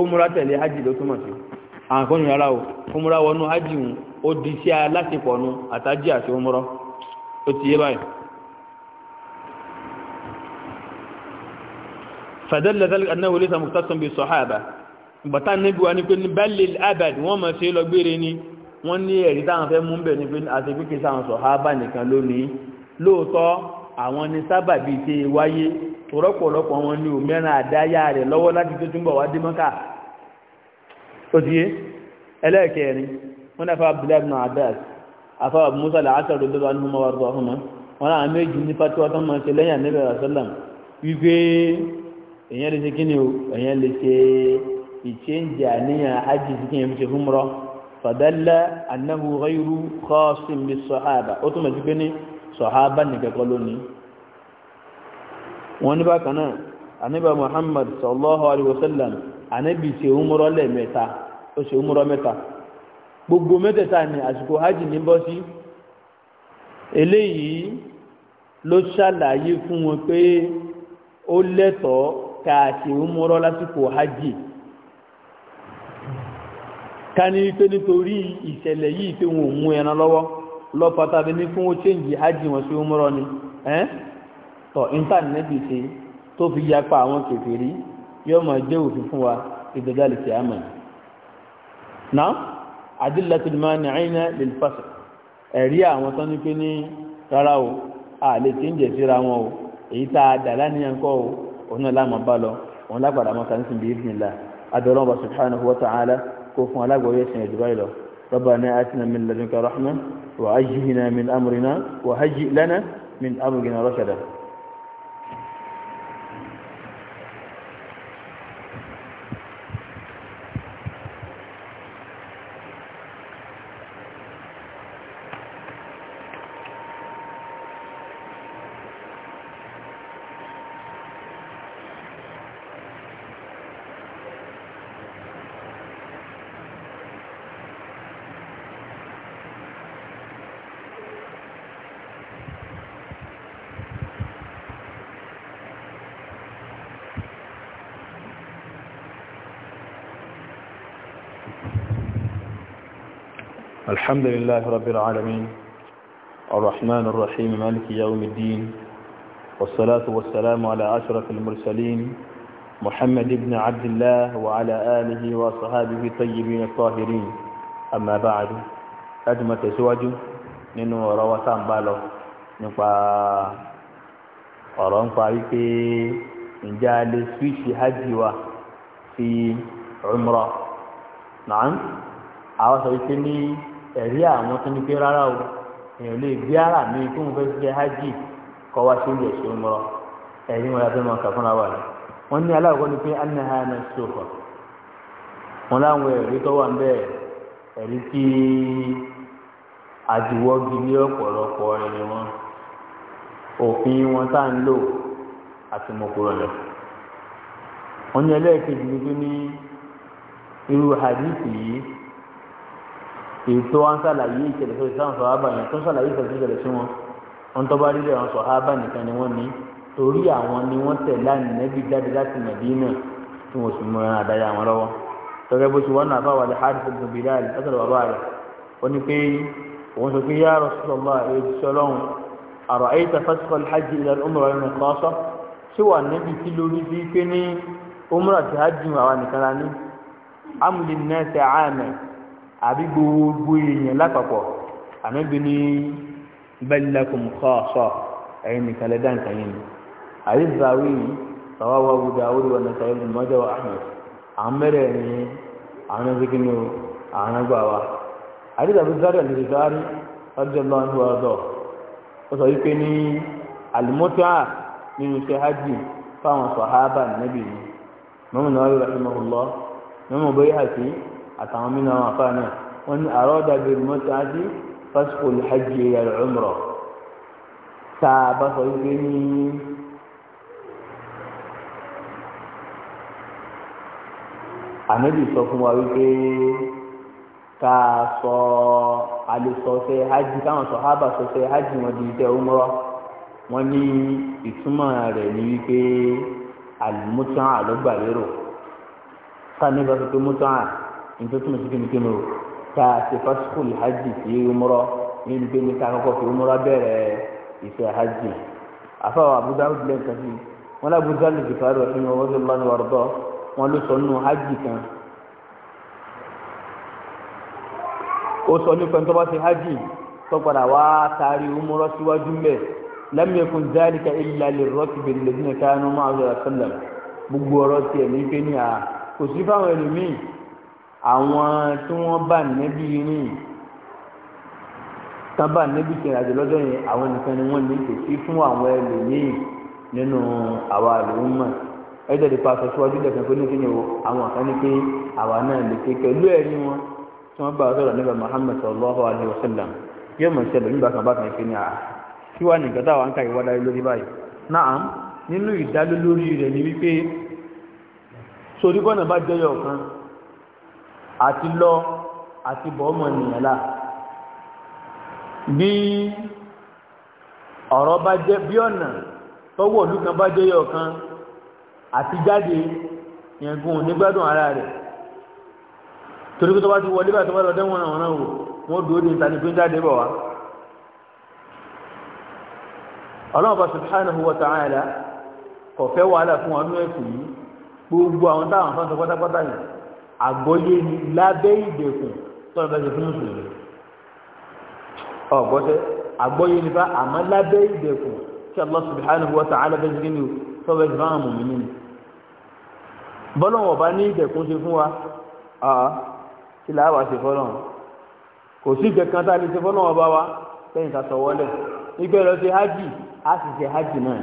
umra tẹ̀lé hajj ló túmọ̀ sí àwọn kan nìyára o umra wọnú hajj wọn ó di iṣẹ́ aláṣepọ̀ nu àtàjì àti umra ó ti yé báyìí. fàdẹ́lẹ̀ tẹ́lẹ̀ anáwó lẹ́sà mọ̀tàtàn bíi sọ̀háàbà bàtà níbi wa ni pé ní bẹ́ẹ̀lì abad wọ́n mọ̀ sí lọ gbére ni wọ́n ní ẹ̀rí táwọn fẹ́ mú bẹ̀ ní pé àti pé kí sáwọn sọ hábà nìkan lónìí lóòótọ́ àwọn ni sábà bíi ti wáyé rọ́pọ̀lọpọ̀ wọn ni òmẹ́rin àdáyà rẹ̀ lọ́wọ́ láti tó túnbọ̀ wá dímọ́kà tó ti yé ẹlẹ́ẹ̀kẹ́rin wọ́n náà fáwọn abdullahi ibn abbas afáwọn musa làásà rẹ̀ lọ́wọ́ anúmọ̀ wà rọ̀ ọ̀hún wọn náà méjì ní fatiwa tó máa ṣe lẹ́yìn àníbẹ̀ rasalam wípé èèyàn lè ṣe kíni o èèyàn lè ṣe ìṣe ń jẹ àníyàn ájì sí kí n ṣe fún mọ́rọ́ fàdálà annahu ghayru khasin bi sahaba ó túnmọ̀ sí pé ní sahaba nìkan kọ́ lónìí wọ́n ní bákan náà anábà muhammad sallallahu alaihi wasallam anábì ṣe umrọ lẹ́ẹ̀mẹ́ta ó ṣe umrọ mẹ́ta gbogbo mẹ́tẹ̀ẹ̀ta ni àsìkò hajj ní bọ́ sí eléyìí ló ṣàlàyé fún wọn pé ó lẹ́tọ̀ọ́ ká ṣe umrọ lásìkò hajj ká ní pé nítorí ìṣẹ̀lẹ̀ yìí pé wọn ò mú ẹran lọ́wọ́ lọ́pàá bí ní fún ó chéǹjì ájì wọn sí ọmọ rọ́ni ẹ́n tọ̀ íńtánẹ́ẹ̀tì ṣe tó fi yapa àwọn kèfèrí yóò mọ̀ jẹ́ òfin fún wa ìdọ̀gálì tí a mọ̀ ná adílẹ̀tìlmánì àìyàn lè fàṣẹ ẹ̀rí àwọn tán ní pé ní o a lè chéǹjì síra wọn o èyí tá a dà lánìyàn kọ́ o òun náà láàmú bá lọ òun lágbàdàmọ́ kan sì bí ìfìnlá adọ́rọ́ kó fún alágbóyè sìn ẹ̀jú báyìí lọ rọ́bàná àtìnà mi lẹ́dùnkà rọ́ḥmà wà á jìhìnà mi amúrinà wà á jì lẹ́nà mi amúrinà rọ́ṣàdà الحمد لله رب العالمين الرحمن الرحيم مالك يوم الدين والصلاة والسلام على أشرف المرسلين محمد بن عبد الله وعلى آله وصحابه الطيبين الطاهرين أما بعد أجمع زواج nínú روثان بالو ننفع a في من lo nipa oro n pa wipe nje a ẹ̀rí àwọn tó ní pé rárá o èèyàn lè gbé ara mi tó ń fẹ́ hajj kọ́ wá sí ilé ìṣòro mọ́ ẹ̀rí wọn lábẹ́ máa fúnra wa wọ́n ní aláwọ̀ ni pé anaha na sọ̀kọ̀ wọn láwọn ẹ̀rí tó wà ń bẹ́ẹ̀ ẹ̀rí tí àdìwọ́gi ní ọ̀pọ̀lọpọ̀ ẹ̀rí wọn òfin wọn tá ń lò àti mọ̀kúrọ̀ wọ́n ní ẹlẹ́ẹ̀kejì ní irú ètò wọn ṣàlàyé ìṣẹ̀lẹ̀ fún ìsáwọn sọhábà yẹn tó ṣàlàyé ìṣẹ̀lẹ̀ ìṣẹ̀lẹ̀ sí wọn wọn tó bá rí lẹ wọn sọhábà nìkan ni wọn ní torí àwọn ni wọn tẹ̀lé ànínẹbí jáde láti mẹdínà tí wọn sì mú àdáyà wọn lọ́wọ́ tọgẹ bó ṣe wọn náà bá wà lè hàdí fún bìlá lọsọdọ bàbá rẹ ó ní pé òun sọ pé yàrá sọlọ èyí sọlọrun àbí gbogbo èèyàn lápapọ̀ ànábi ní bẹ́ẹ̀lẹ́kùn kọ́ọ̀sọ̀ ẹ̀yìn nìkan lẹ́dá nǹkan yẹn ni àyíṣàwí sọ̀wọ́wọ́ abu dawud wa nasarar mọ́jọ́ wa ahmed àwọn mẹ́rẹ̀ ni àwọn ẹ̀sìnkínú àwọn ẹgbà wa àyíṣàwí sọ̀rọ̀ ní ìṣàárí ọjọ́ náà ní ọ̀dọ́ ó sọ wípé ní àlùmọ́tà nínú iṣẹ́ hajj fáwọn sọ̀hábà níbi yìí mọ́mọ́ náà rí àtàwọn mìíràn àwọn afá náà wọ́n ní àrọ́dà bẹ̀rù mọ́ta sí fásitì olùhajì ẹ̀rọ ọmọrọ̀ tá a bá sọ wípé ní ànábì sọ fún wa wípé ká sọ alùsọ̀ọ́sẹ́ hajj káwọn sọ hábà sọ̀ọ́sẹ́ hajj wọn di iṣẹ́ ọmọrọ̀ wọ́n ní ìtumọ̀ rẹ̀ ní wípé àlùmọ́tàn àlọ́gbàlérò ká ní bá sọ pé mọ́tàn àlọ́ nítorí túmọ̀ sí kínníkínní o ká ṣe fásitì hajj sí umrọ ní ibi ní ká kọ́kọ́ fi umrọ bẹ̀rẹ̀ iṣẹ́ hajj afáwọn Abu Dawud lẹ́ nǹkan sí wọn lábú dáàlì jùlọ rẹ̀ fún wọn wọ́n lọ́nà ọ̀rọ̀ wọn ló sọ nínú hajj kan ó sọ nípa tó bá ṣe hajj tó padà wá taari umrọ síwájú mbẹ lẹ́mìẹ̀kùn dáàlì ká ilà lè rọ́ọ̀kì bẹ̀rẹ̀ lẹ́sìn káyánú máa ń lọ sọ́lá gbogbo ọ̀rọ̀ tiẹ̀ ní pé ní à kò sí fáwọn ẹlòmíì àwọn tí wọ́n bá nẹ́bí rìn tán bá nẹ́bí kìnìún àjò lọ́dọ̀ yẹn àwọn nìkan ni wọ́n ní kèsì fún àwọn ẹlòmíì nínú àwa àlùmọ̀ ẹjọ́ ìdìpọ̀ aṣọ síwájú lẹ́sìn pé nígbà yẹn àwọn kan ní pé àwa náà lè ṣe pẹ̀lú ẹ̀rí wọn tí wọ́n bá sọ̀rọ̀ nígbà muhammed sallallahu alayhi wa sallam yóò mọ̀ ṣẹlẹ̀ nígbà kan bá kan ṣe ní àá kí wàá nìkan táwa ń ka ìwádà lórí báyìí náà nínú ìdálólórí rẹ̀ ni wípé sorí bọ́nà bá jẹyọ kan àti lọ àti bọ̀ ọmọ ènìyàn la bí ọ̀rọ̀ bá jẹ́ bí ọ̀nà tọ́wọ́ òlú kan bá jẹ́ yọ̀ọ̀kan àti jáde yẹ̀ngùn nígbádùn ara rẹ̀ torí tó bá ti wọlé bá tó bá lọ dẹ́wọ̀n àwọn wò wọ́n dúró ní ìtàní pé jáde bọ̀ wá ọlọ́run bá subhanahu wa ta'ala kò fẹ́ wàhálà fún wọn ní ẹ̀sùn yìí gbogbo àwọn táwọn fọ́n sọ pátápátá yìí àgbọ́yé ni lábẹ́ ìdẹ̀kùn tọ́lá bá ṣe fún mùsùlùmí ọ̀gbọ́sẹ̀ àgbọ́yé ni bá àmọ́ lábẹ́ ìdẹ̀kùn tí Allah subhanahu wa ta'ala bá ṣe kí ni o tọ́lá bá ṣe fún àwọn mùmí nínú bọ́lọ̀wọ̀ bá ní ìdẹ̀kùn ṣe fún wa kí làá ṣe fọ́lọ̀wọ̀ kò sí ìdẹ̀kan tá a lè ṣe fọ́lọ̀wọ̀ bá wa lẹ́yìn tá a sọ wọlé nígbà lọ sí hajj a sì ṣe hajj náà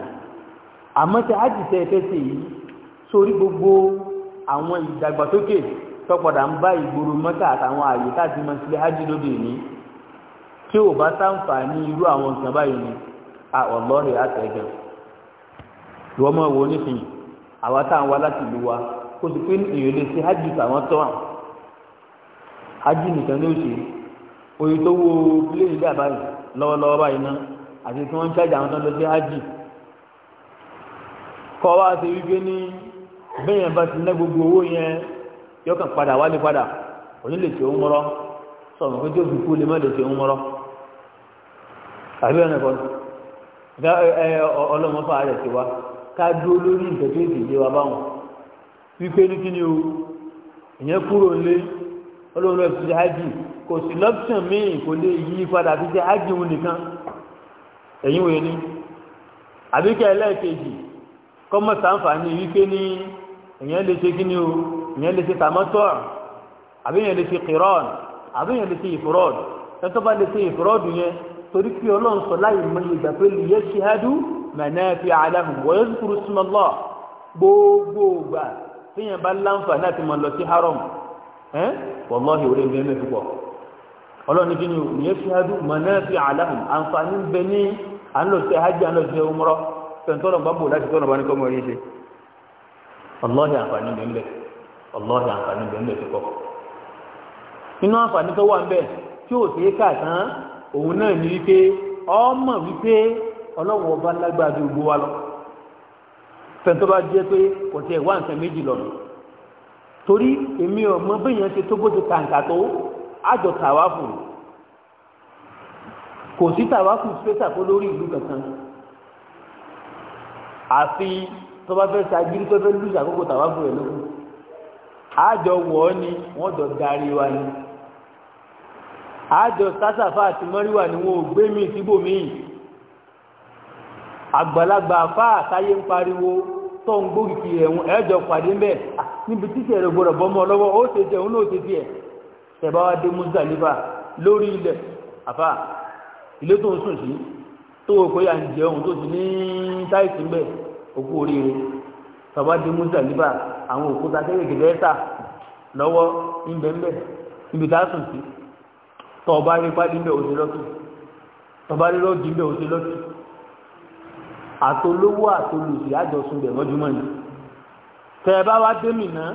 àmọ́ ṣe hajj tẹ́ ẹ fẹ́ ṣe yìí sórí gbogbo àwọn ìdàgbàsókè tọ́pọ̀dà ń bá ìgboro mọ́ta àtàwọn ààyè láti mọ́ sílé hajj lóde ní tí ò bá sáǹfà ní irú àwọn nǹkan báyìí ni ọ̀lọ́rẹ̀ àtẹ̀gàn ìwọ́n mọ̀ wo nísìnyí àwa táwọn wá láti ìlú wa kó sì pé èèyàn lè ṣe hajj tàwọn tọ́ àwọn hajj nìkan ní òṣè oye tó wo pílẹ̀nì dà báyìí lọ́wọ́lọ́wọ́ báyìí ná àti tí wọ́n ń ṣàjà àwọn tó ń lọ sí hajj kọ́ wa ṣe wípé ní bẹ́ẹ̀ yẹn bá ti ná gbogbo owó yẹn yóò kàn padà wálé padà òní lè ṣe òun mọ́rọ́ sọ̀rọ̀ pé tí ó fi kú lè má lè ṣe òun mọ́rọ́ àbí ọ̀nà kan ọlọ́mọfà rẹ̀ ti wá ká dúró lórí nǹkan tó ti lé wa báwọn wípé ní kí ni o ìyẹn kúrò ńlé ọlọ́run lọ́ọ̀ fi ṣe ájì kò sí lọ́pṣàn míì kò lè yí padà fi ṣe ájì òun nìkan ẹ̀yìn wòye ni àbíkẹ́ ẹlẹ́ẹ̀kejì kọ́mọ̀ sáǹfààní wípé ní ìyẹn lè ṣe kí ni o ìyẹn lè ṣe tàmọ́tọ́ àbí ìyẹn lè ṣe kìrọ́ọ̀n àbí ìyẹn lè ṣe ìfúrọ́ọ̀d ẹ̀tọ́ bá lè ṣe ìfúrọ́ọ̀d yẹn torí pé ọlọ́run sọ láì mọ iye ìgbà pé lè yẹ ṣe hádú mẹ́nẹ́ẹ̀fì aláhùn wọ́yẹ́ zukuru sumallah gbogbo gbà tíyẹn bá láǹfààní àti mọ̀ lọ sí haram ẹ́ wọ́lọ́hì orí ẹgbẹ́ mẹ́fì pọ̀ ọlọ́run kí ni ìyẹn ṣe hádú mẹ́nẹ́ẹ̀fì aláhùn àǹfààní ń bẹ ní à hajj à ń fẹ̀ntọ́nà gbàgbọ́ láti tọ́nà bá ní kọ́mọ ọlọ́ọ̀dà àǹfààní bẹ̀rẹ̀ mẹ́tò kọ́ nínú àǹfààní tó wà ń bẹ̀ tí ò sí kà tán òun náà ní wípé ọmọ wípé ọlọ́wọ́ ọba lágbára ju gbogbo wa lọ fẹ́ntọ́ bá jẹ́ pé kò tiẹ̀ wá nǹkan méjì lọ torí èmi ọmọ bẹ́yẹn ti tó bó ti kàǹkà tó àjọ tàwáfù kò sí tàwáfù spẹ́sà kó lórí ìlú kankan àfi tó bá fẹ́ sa jírí tó fẹ́ lùsà àkókò tàwáfù rẹ̀ lókun àjọ wọ̀ ọ́ ni wọ́n jọ darí wa ni àjọ sásàfà àti mọ́ríwà ni wọn ò gbé mi síbòmíì àgbàlagbà afá àtayé ń pariwo tó ń gbógi ẹ̀hún ẹ̀jọ̀ pàdé mbẹ́ níbi títí ẹ̀rọ gbọ́dọ̀ bọ́mọ lọ́wọ́ ó ṣe jẹun ló ṣe tiẹ̀ ṣẹ̀bá wa dé Muzdalifa lórí ilẹ̀ afá ilé tó ń sùn sí tó o pé à ń jẹun tó ti ní táìsì mbẹ́ òkú oríire ṣẹ̀bá dé Muzdalifa àwọn òkúta kéékèèké lẹ́tà lọ́wọ́ ńbẹ́ńbẹ́ ibi tá a sùn sí tọba rí pàdé ńbẹ̀ òṣè lọ́tù tọba rí lọ́jì ńbẹ̀ òṣè lọ́tù àtolówó àtolùsì àjọsùn bẹ̀ mọ́júmọ́ ni tẹ ẹ bá wá dé mìíràn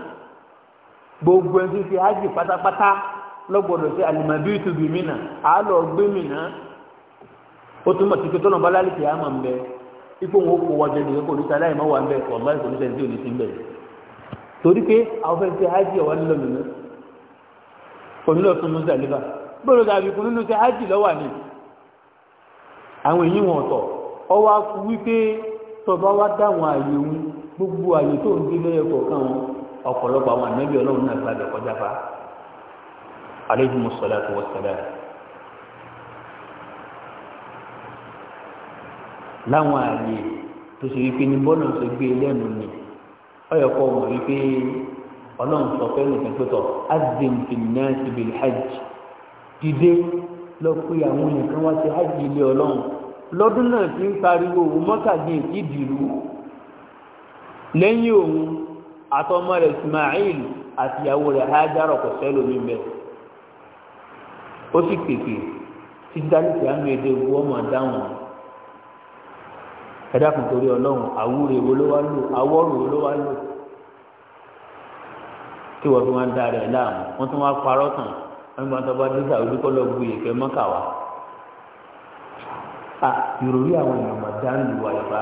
gbogbo ẹni tí a jì pátápátá lọ́gbọ̀dọ̀ sí àlùmọ̀bí ìtùbí mìíràn á lọ gbé mìíràn ó túmọ̀ sí pé tọ́nà bá lálẹ́ kìí wọn kò wọ́jọ́ nìyẹn kò ní sálẹ̀ àìmọ́ wà ń bẹ ọ̀gbá ìkòlùsẹ̀ ní òní sí ń bẹ̀rẹ̀ torí pé àwọn fẹ́ ṣe hajj ọ̀wá nílò mímú onílò tún mú sàlíbà gbọ́dọ̀ tàbí kún nínú ṣe hajj lọ́wà ní àwọn èyí wọn ọ̀tọ̀ ọwọ́ akú wípé tọba wá dáwọn ààyè òun gbogbo ààyè tó ń gbé lẹ́yẹ kọ̀ọ̀kan wọn ọ̀pọ̀lọpọ̀ àwọn ànábì ọlọ́run náà gbàdọ̀ kọjá fa alẹ́jùmọ̀sọ̀lá tó ọyọ kọ mọ wípé ọlọ́run sọ pé ẹnì kan pẹtọ azim finna sibil hajj dìde lọ pé àwọn nìkan wá sí hajj ilé ọlọ́run lọ́dún náà ti ń pariwo òun mọkàdín e ìdìlú lẹ́yìn òun àtọmọ rẹ̀ ismail àtìyàwó rẹ̀ hajarọ kò sẹlẹ omi bẹ ó sì pèpè tí dálítì àmì èdè owó ọmọ dáhùn ẹ̀dá kan torí ọlọ́run àwúre wo ló wá lò àwọrò wo ló wá lò tí wọ́n tún wá ń da rẹ̀ láàmú wọ́n tún wá parọ́ tàn wọ́n gbọ́n tó bá dé sàwùjú kọ́ lọ́ọ́ gbé yèké mọ́kà wá. a ìròrí àwọn èèyàn mà dáńdù wà lọ́ba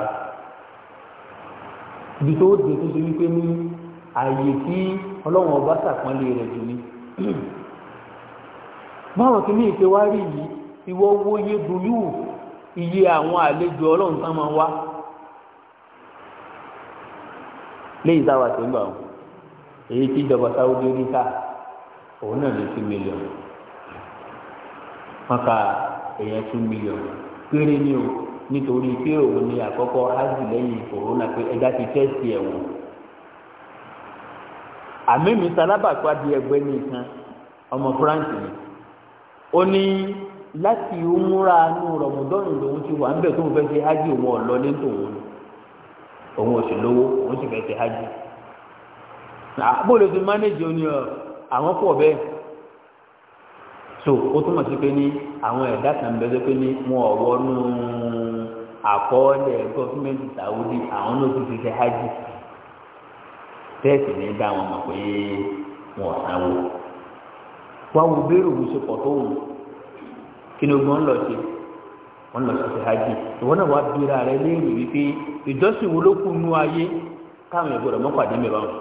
ibi tó dé tó ṣe wípé ní ààyè tí ọlọ́run ọba sàpọ́nlé rẹ̀ jù ní. báwọn kìíní ìṣe wá rí yìí ìwọ owó iye dùlù iye àwọn àlejò ọlọ́run tán máa wá léyìí táwa tó ń gbà wọn. èyí tí ìjọba sáwọ́dí rí ká òun náà lè two million wọn ka èèyàn péré ni o nítorí pé òun ni àkọ́kọ́ hajj lẹ́yìn kòrónà pé ẹja ti tẹ́sí ẹ̀ wò àmẹ́mi sálábàpàdé ẹgbẹ́ nìkan ọmọ france ni ó ní láti múra inú rọmọdọ́nù lòun ti wà ń bẹ̀ hajj. Ah, bó lè fi mánéjì oní ọ àwọn pọ̀ bẹ́ẹ̀ so ó túmọ̀ sí pé ní àwọn ẹ̀dá kan bẹ́ẹ̀ pé ní wọn ò wọnú àkọọ́lẹ̀ gọ́fíńmẹ́ntì sàwùdí àwọn náà ti fi ṣe hajj tẹ́ẹ̀sì ní bá wọn mọ̀ pé wọn ò sanwó wọn wò bẹ́ẹ̀rù wù ṣe pọ̀ tó wù kí ni ogun ń lọ sí wọn lọ sí ṣe hajj ìwọ náà wà bíra rẹ léèrè wípé ìjọsìn wo ló kù nú ayé káwọn ìgbọdọ̀ mọ́pàdé mẹ́wàá wọn.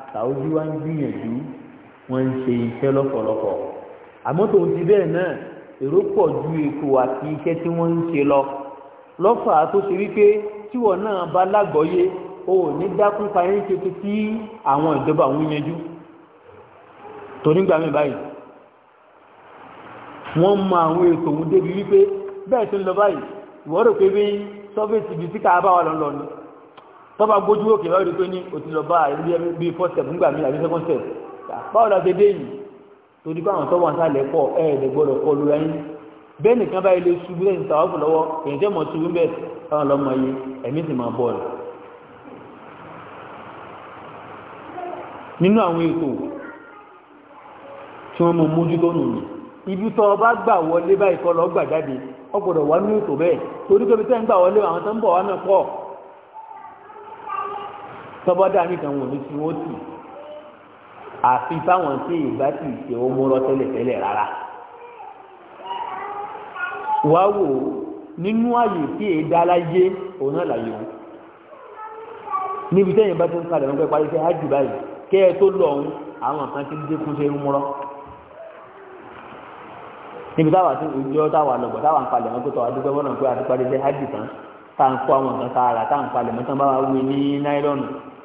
sàwùjú wa ń gbìyànjú wọ́n ń ṣe iṣẹ́ lọ́pọ̀lọpọ̀ àmọ́ tó ti bẹ́ẹ̀ náà èrò pọ̀ ju ètò àti iṣẹ́ tí wọ́n ń ṣe lọ lọ́fà tó ṣe wípé tíwọ̀ náà bá lágbọ́yé o ò ní dákún fayé ṣe ti tí àwọn ìjọba òun yanjú tó nígbà mí báyìí wọ́n mọ àwọn ètò òun débi wípé bẹ́ẹ̀ tó ń lọ báyìí ìwọ́n rò pé bí sọ́fẹ̀sì ibi tí kàá bá wà lọ́nà lọ́nà tọ́ba gbójú òkè wọ́n rí pé ní o ti lọ bá àìrí bí first step nígbà míì àbí second step báwo la ṣe dé yìí torí báwọn tọ́wọ́ ń sálẹ̀ pọ̀ ẹ̀ ẹ̀ gbọ́dọ̀ kọ lu ẹyin bẹ́ẹ̀ nìkan báyìí lè ṣubú lẹ́yìn tàwọn kù lọ́wọ́ èyí tẹ́ mọ̀ ṣubú bẹ́ẹ̀ táwọn lọ́mọ yìí ẹ̀mí sì máa bọ̀ rẹ̀ nínú àwọn ètò tí wọ́n mọ mójú tó nù mí ibi tọ́ ọ bá gbà wọlé báyìí kọ́ lọ́ gbà jáde ọ gbọ́dọ̀ wá ètò bẹ́ẹ̀ torí pé bí tẹ́ gbà wọlé àwọn tó ń bọ̀ wá náà pọ̀ tọ́bọ́dà nìkan wò ní tí wọ́n tì àfi fáwọn tí ìgbà tí ìṣe ọmọrọ tẹ́lẹ̀tẹ́lẹ̀ rárá wá wò nínú ààyè tí èé dá láyé òun náà láyé wọn níbi tẹ́yìn bá ti ń kalẹ̀ wọn pé parí sí ájì báyìí kẹ́ ẹ tó lọ ọ̀hún àwọn kan ti ń dékun ṣe ń múrọ́ níbi táwa tí ìjọ táwa lọ̀gbọ̀ táwa ń palẹ̀ wọn pé tọ́wọ́ adúgbò wọn náà pé àti parí sí ájì tán táà ń kó àwọn kan sára táà ń palẹ̀ mọ́ bá wá wí ní náírọ̀nù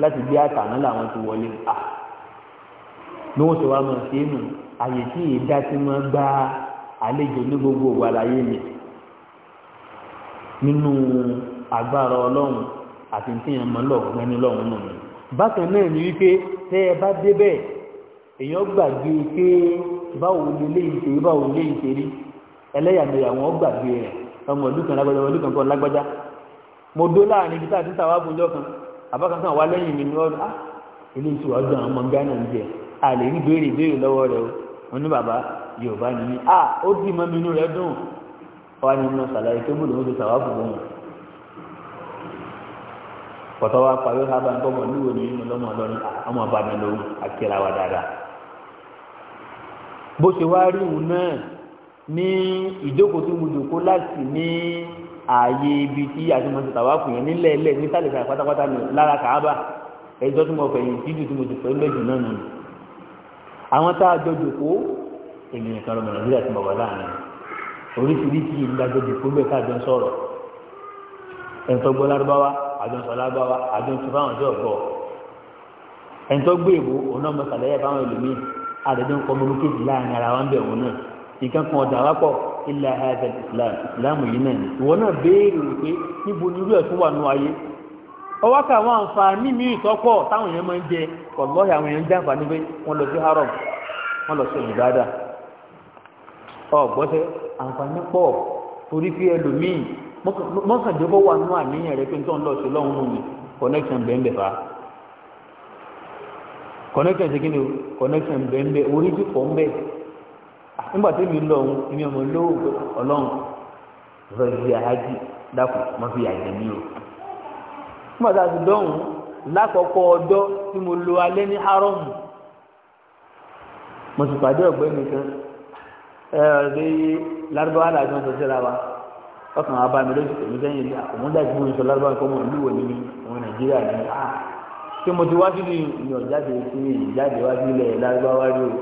láti gbé àtàná làwọn ti wọlé à ní wọn sọ wá máa ṣe é nù àyè tí ìdá tí wọn gba àlejò ní gbogbo ògbà láyé mi nínú agbára ọlọ́run àti tí yẹn máa lọ lọ́run nù mí bákan náà ni wípé tẹ́ ẹ bá débẹ̀ èèyàn gbàgbé pé báwo lè léyìí ṣe báwo léyìí ṣe rí ẹlẹ́yàmẹ̀yà wọn gbàgbé rẹ̀ ọmọ ọdún kan lágbájá ọmọ ọdún kan kọ́ lágbájá mo dó láàrin ibi tá a ti ń tàwa bùn lọ́kan abákankan wà lẹ́yìn mi ní ọdún ah ilé ìtura ọdún àwọn ọmọ ghana ń jẹ àlè rí béèrè béèrè lọ́wọ́ rẹ o wọn ní bàbá yorùbá ni mí ah ó dì mọ́ mi inú rẹ dùn wà ní iná sàlàyé tó gbọ́dọ̀ ó ti sàwá fún wọn. pọ̀tọ́ wa parí ọ̀hábà ń kọ́mọ níwò ní inú lọ́mọ ọlọ́run ọmọ ọba mi lòun àkẹ́ra wa dáadáa. bó ṣe wá rí òun náà ní ìjókòó tó mu jòkó láti ní ààyè ibi tí àti mo ti tàwa kù yẹn nílẹ̀ ilẹ̀ nísàlẹ̀ sàlẹ̀ pátápátá mi lára kàába ẹjọ́ tí mo fẹ̀yìn dídùn tí mo ti fẹ́ méjì náà nù. àwọn tá a jọ jòkó ènìyàn kan lọ́mọ nàìjíríà ti mọ̀ wá láàrin oríṣiríṣi ìdájọ́ jòkó bẹ́ẹ̀ tá a jọ ń sọ̀rọ̀ ẹ̀ńtọ́gbọ́ lárúbáwá àjọǹsọ̀ lárúbáwá àjọǹsọ̀ fáwọn ọjọ́ ọ̀gbọ́ ẹ̀ńtọ́ gbé èbó òun ilà hajj islam ìsìlámù yìí náà ìwọ náà béèrè wípé níbo ni irú ẹ̀ tún wà nù ayé ọwọ́ ká àwọn àǹfààní míì tọ́pọ̀ táwọn èèyàn máa ń jẹ ọlọ́ọ̀yà àwọn èèyàn ń jẹ àǹfààní pé wọ́n lọ sí haram wọ́n lọ sí ìbádà ọ̀gbọ́sẹ̀ àǹfààní pọ̀ torí fi ẹlòmíì mọ́kàndínlọ́wọ́ wà nù àníyàn rẹ pé nítorí lọ́ọ̀ sí lọ́hùn nù connection nígbàtí mi lọ òun èmi ọmọ lówó ọlọ́run ọ̀fẹ́ fi àhájì dákò má fi àjẹ́ mi o nígbàtí a ti dọ́hùn lákọ̀ọ́kọ́ ọdọ́ tí mo lo alẹ́ ní hárọ́mù mo sì pàdé ọ̀gbẹ́ni kan ẹ ọ̀dẹ́ lárúbáwá làjọ ń sọ síra wa ọkàn wa bá mi lóṣù tèmi sẹ́yìn ní àkọ́mọ́dájú mo ń sọ lárúbáwá kọ́ ìlú wo ni wọn nàìjíríà ní ah, ṣé mo ti wá sí ní ìyànjáde sí ìjáde wá sílẹ̀ lárúbáwá rí o.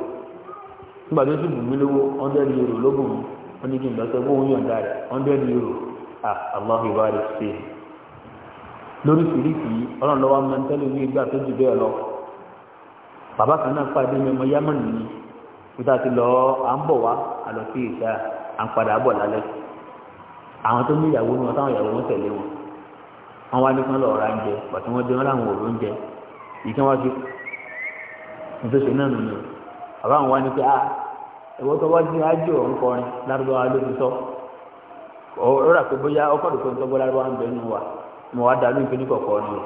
nígbà tó sì bù mí lówó hundred euro ló bù mí ó ní kí n lọ́sẹ̀ bóun euro ah allah ibà rẹ̀ ṣe lóríṣiríṣi ọlọ́run lọ́wọ́ máa ń tẹ́lẹ̀ ní ìgbà tó jù bẹ́ẹ̀ lọ bàbá kan náà pàdé mẹ́mọ́ yámánì ni nígbà tí lọ à ń bọ̀ wá àlọ́ sí ìta à ń padà bọ̀ lálẹ́ bàbá àwọn wani pé ah ẹ̀wọ́ tó wájú ájò ńkọrin lárúbáwá ló ti sọ ó rà pé bóyá ọkọ̀ rẹ̀ tó ń tọ́gbọ́ lárúbáwá ń bẹ nù wà mo wá dàlú ìpínlẹ̀ kọ̀ọ̀kan ni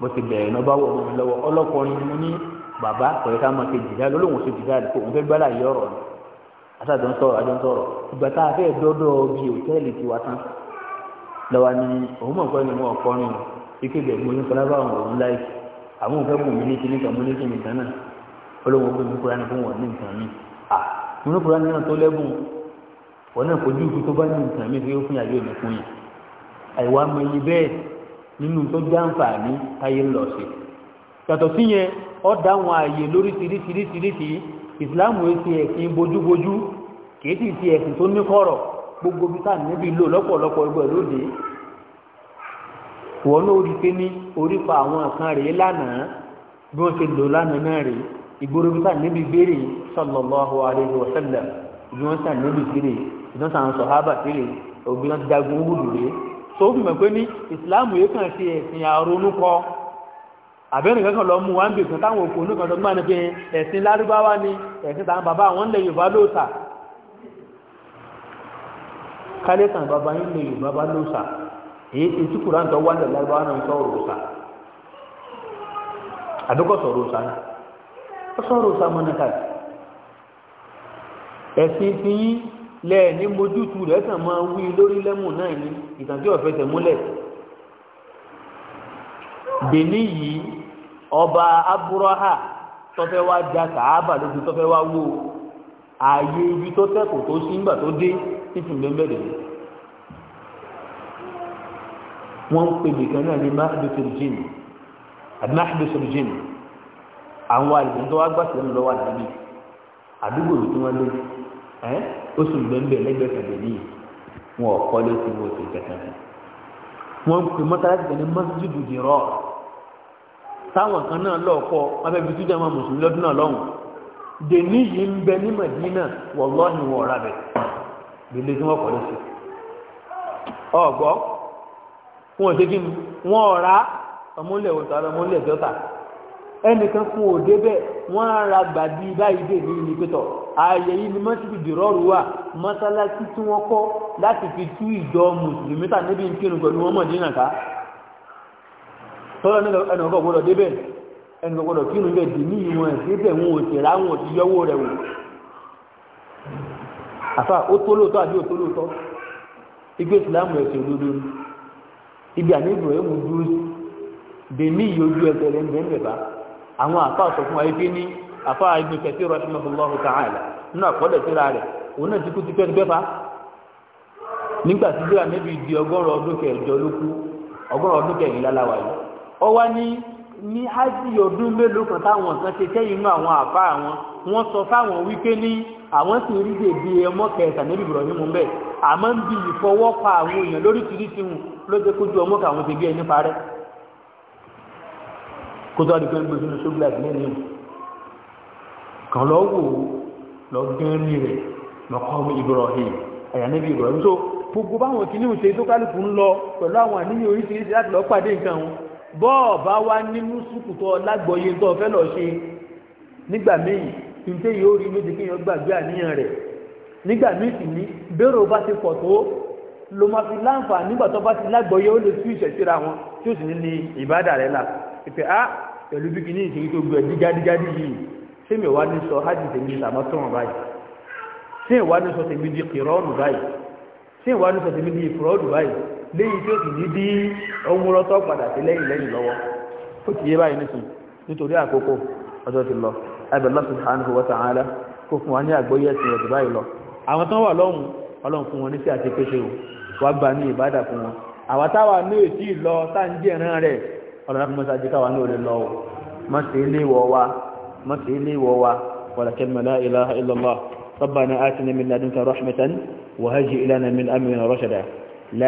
bó ti bẹ̀rẹ̀ náà bá wọ̀ mọ́ mi lọ́wọ́ ọlọ́kọrin mo ní bàbá pẹ̀lú ká máa ṣe jìdá lólóhùn ṣe jìdá àdìpọ̀ òun fẹ́ gbálà yí ọ̀rọ̀ ni àtàjọ ń sọ̀rọ̀ àjọ ń sọ̀rọ̀ ìgbà tá a fẹ́ dọ́dọ̀ bí òtẹ́ẹ̀lì ti wá tán lọ́wọ́ ni òun mọ̀ pé mo ọkọrin o ike bẹ̀ mo ní fọlábà òun láì àwọn òun fẹ́ mú mi ní kíní kan mú ní kíní kan náà olówó gbé mi kúránì fún wọn ní nǹkan mi à mo ní kúránì náà tó lẹ́bùn wọn náà fojú ikú tó bá ní nǹkan mi tó yóò fún yàrá òní fún yàn àìwá mọ iye bẹ́ẹ̀ nínú tó já nfààní táyé ń lọ sí yàtọ̀ sí yẹn ọ́ dá àwọn ààyè lóríṣiríṣiríṣiríṣi ìsìláàmù etí ẹ̀sìn bojúbojú kìí sì ti ẹ̀sìn tó ní kọ̀rọ̀ gbogbo bí sáà níbi lò lọ́pọ̀lọpọ̀ ẹgbẹ́ lóde wọn ló rí pé ní orípa àwọn nǹkan rèé lánàá bí wọ́n ṣe lò lánàá náà rèé ìgboro bí sáà níbi béèrè sallallahu alaihi wa sallam ìbí wọn sáà níbi béèrè ìdán sáà ń sọ hábà béèrè òbí wọn ti dagun wúlò rè so ó fi mọ̀ pé ní ìsìláàmù yìí kàn ṣe ẹ̀sìn àrònúkọ àbẹ́rùn kankan lọ mú wọn bí kan táwọn òkú oníkan tó gbọ́n pé ẹ̀sìn lárúbáwá ni ẹ̀sìn táwọn bàbá àwọn lè yorùbá lóòsà kálẹ́tàn bàbá yín lè yorùbá lóòsà èyí tí tí kùrántọ́ wà lẹ̀ lárúbáwá náà sọ̀rọ̀ òòsà àdókọ̀ náà sọ̀rọ̀ samanaka ẹ̀sìn ti yí lẹ́ẹ̀ ní mojútu rẹ̀ kàn máa wí lórí lẹ́mù náà ní ìtàntí ọ̀fẹ́ tẹ̀múlẹ̀ bèní yìí ọba abúrọ́hà tọ́fẹ́ wá já sàábà lójú tọ́fẹ́ wá wó ààyè ibi tó tẹ́kù tó sí ńgbà tó dé títí mẹ́mẹ́rẹ̀ wọ́n ń pè nìkan náà ní mahadum surgeon àwọn àìsàn tó wá gbàsẹ̀ ń wà níbí àdúgbò tí wọ́n lé ẹ́ ó sùn gbẹ̀ngbẹ̀ lẹ́gbẹ̀ẹ́ tẹ̀lé wọn ò kọ́lé tí wọ́n ti tẹ̀tẹ̀ rẹ̀ wọ́n pè mọ́tàlá ti tẹ̀lé mọ́sídìdì táwọn kan náà lọ́ọ̀kọ́ abẹ́bí tó jẹ́ mùsùlùmí lọ́dún náà lọ́hùn dèní yìí ń bẹ ní bẹ̀ tí wọ́n wọn ẹnìkan fún òde bẹ́ẹ̀ wọ́n á ra gbàdí báyìí dè ní ìlú pẹ́tọ̀ ààyè yìí ni mọ́síbì dìrọ́rù wà mọ́sálásí tí wọ́n kọ́ láti fi tú ìjọ mùsùlùmí tà níbi ìkírun pẹ̀lú wọn mọ̀dínà ká tọ́lọ́ nílò ẹnì ọkọ̀ gbọ́dọ̀ débẹ̀ ẹnì ọkọ̀ gbọ́dọ̀ kírun bẹ̀ dì ní ìwọ̀n débẹ̀ wọn ò tẹ̀ra wọn ò ti yọwọ́ rẹ̀ wò àfà ó tó lóòótọ́ àbí ó tó lóòótọ́ igbó ìsìlámù ẹ̀sìn òdodo ibi àníbù ẹ̀ mú dúró dèmí ìyójú ẹsẹ̀ rẹ̀ ń bẹ́ẹ̀ bá àwọn àfa sọ fún wa ibi ní àfa ibn Kathir rahimahullahu ta'ala nínú àkọọ́lẹ̀ síra rẹ̀ òun náà ti kú ti pẹ́ nígbẹ́fà nígbà tí síra níbi di ọgọ́rùn ọdún kẹjọ ló kú ọgọ́rùn ọdún kẹyìn láláwa yìí ọ wá ní ní ájì ọdún mélòó kan táwọn kan ṣe kẹ́yìn inú àwọn àfa àwọn wọ́n sọ fáwọn wípé ní àwọn sì rí dèbí ẹmọ kẹta níbi ìbùrọ̀ nínú bẹ́ẹ̀ àmọ́ ń bi ìfọwọ́pa àwọn èèyàn lórí tìrìtìhùn ló jẹ́ kójú ọmọ kàwọn ti bí ẹni parẹ́ kó tó àdúgbò gbé sínú ṣógbà lẹ́yìn kan lọ wò lọ gẹ́rí rẹ̀ mọ̀kọ́mù Ibrahim ẹ̀yà níbi Ibrahim so gbogbo báwọn kìíní ṣe tó kálukú ń lọ pẹ̀lú àwọn àníyàn oríṣiríṣi láti lọ pàdé nǹkan wọn bọ́ọ̀ bá wá nínú sùkùtọ̀ lágbọ̀ọ́yé tó fẹ́ lọ ṣe nígbà míì ǹtẹ́ yóò rí méjì kí yóò gbàgbé àníyàn rẹ̀ nígbà míì sì ní bẹ́rò bá ti pọ̀ tó ló máa fi láǹfà nígbà tó bá ti ìpè á ah, pẹ̀lú bí kìíní ìṣèyí tó gbẹ dígádígádí yìí ṣé mi wá ní sọ hajj tèmi ní tàbá tó wọn báyìí ṣé ìwà ní sọ tèmi di kìrọ́ọ̀nù báyìí ṣé ìwà ní sọ tèmi di ìfúrọ́ọ̀dù báyìí léyìí tí ó sì ní dí ọmúrọ́tọ́ padà sí lẹ́yìn lẹ́yìn lọ́wọ́ ó ti yé báyìí nísìn nítorí àkókò ọjọ́ ti lọ abẹ́lá subhanahu wa ta'ala kó fún wa ní àgbóyè ẹ̀sìn ẹ̀dùn báyìí lọ àwọn tán wà lọ́hùn ọlọ́run fún wọn ní sí o wá gba ní ìbádà fún wọn àwọn táwa ní ètí ìlọ tá à ń jẹ́ ìran rẹ̀ ọlọ́dà fún mọ́sáájú káwa náà lè lọ o má ṣe ilé wọ́ wa má ṣe ilé ìwọ wa walakin la ní illallah ní atina min ladunka rahmatan wa hayyi' lana min amìnà rashada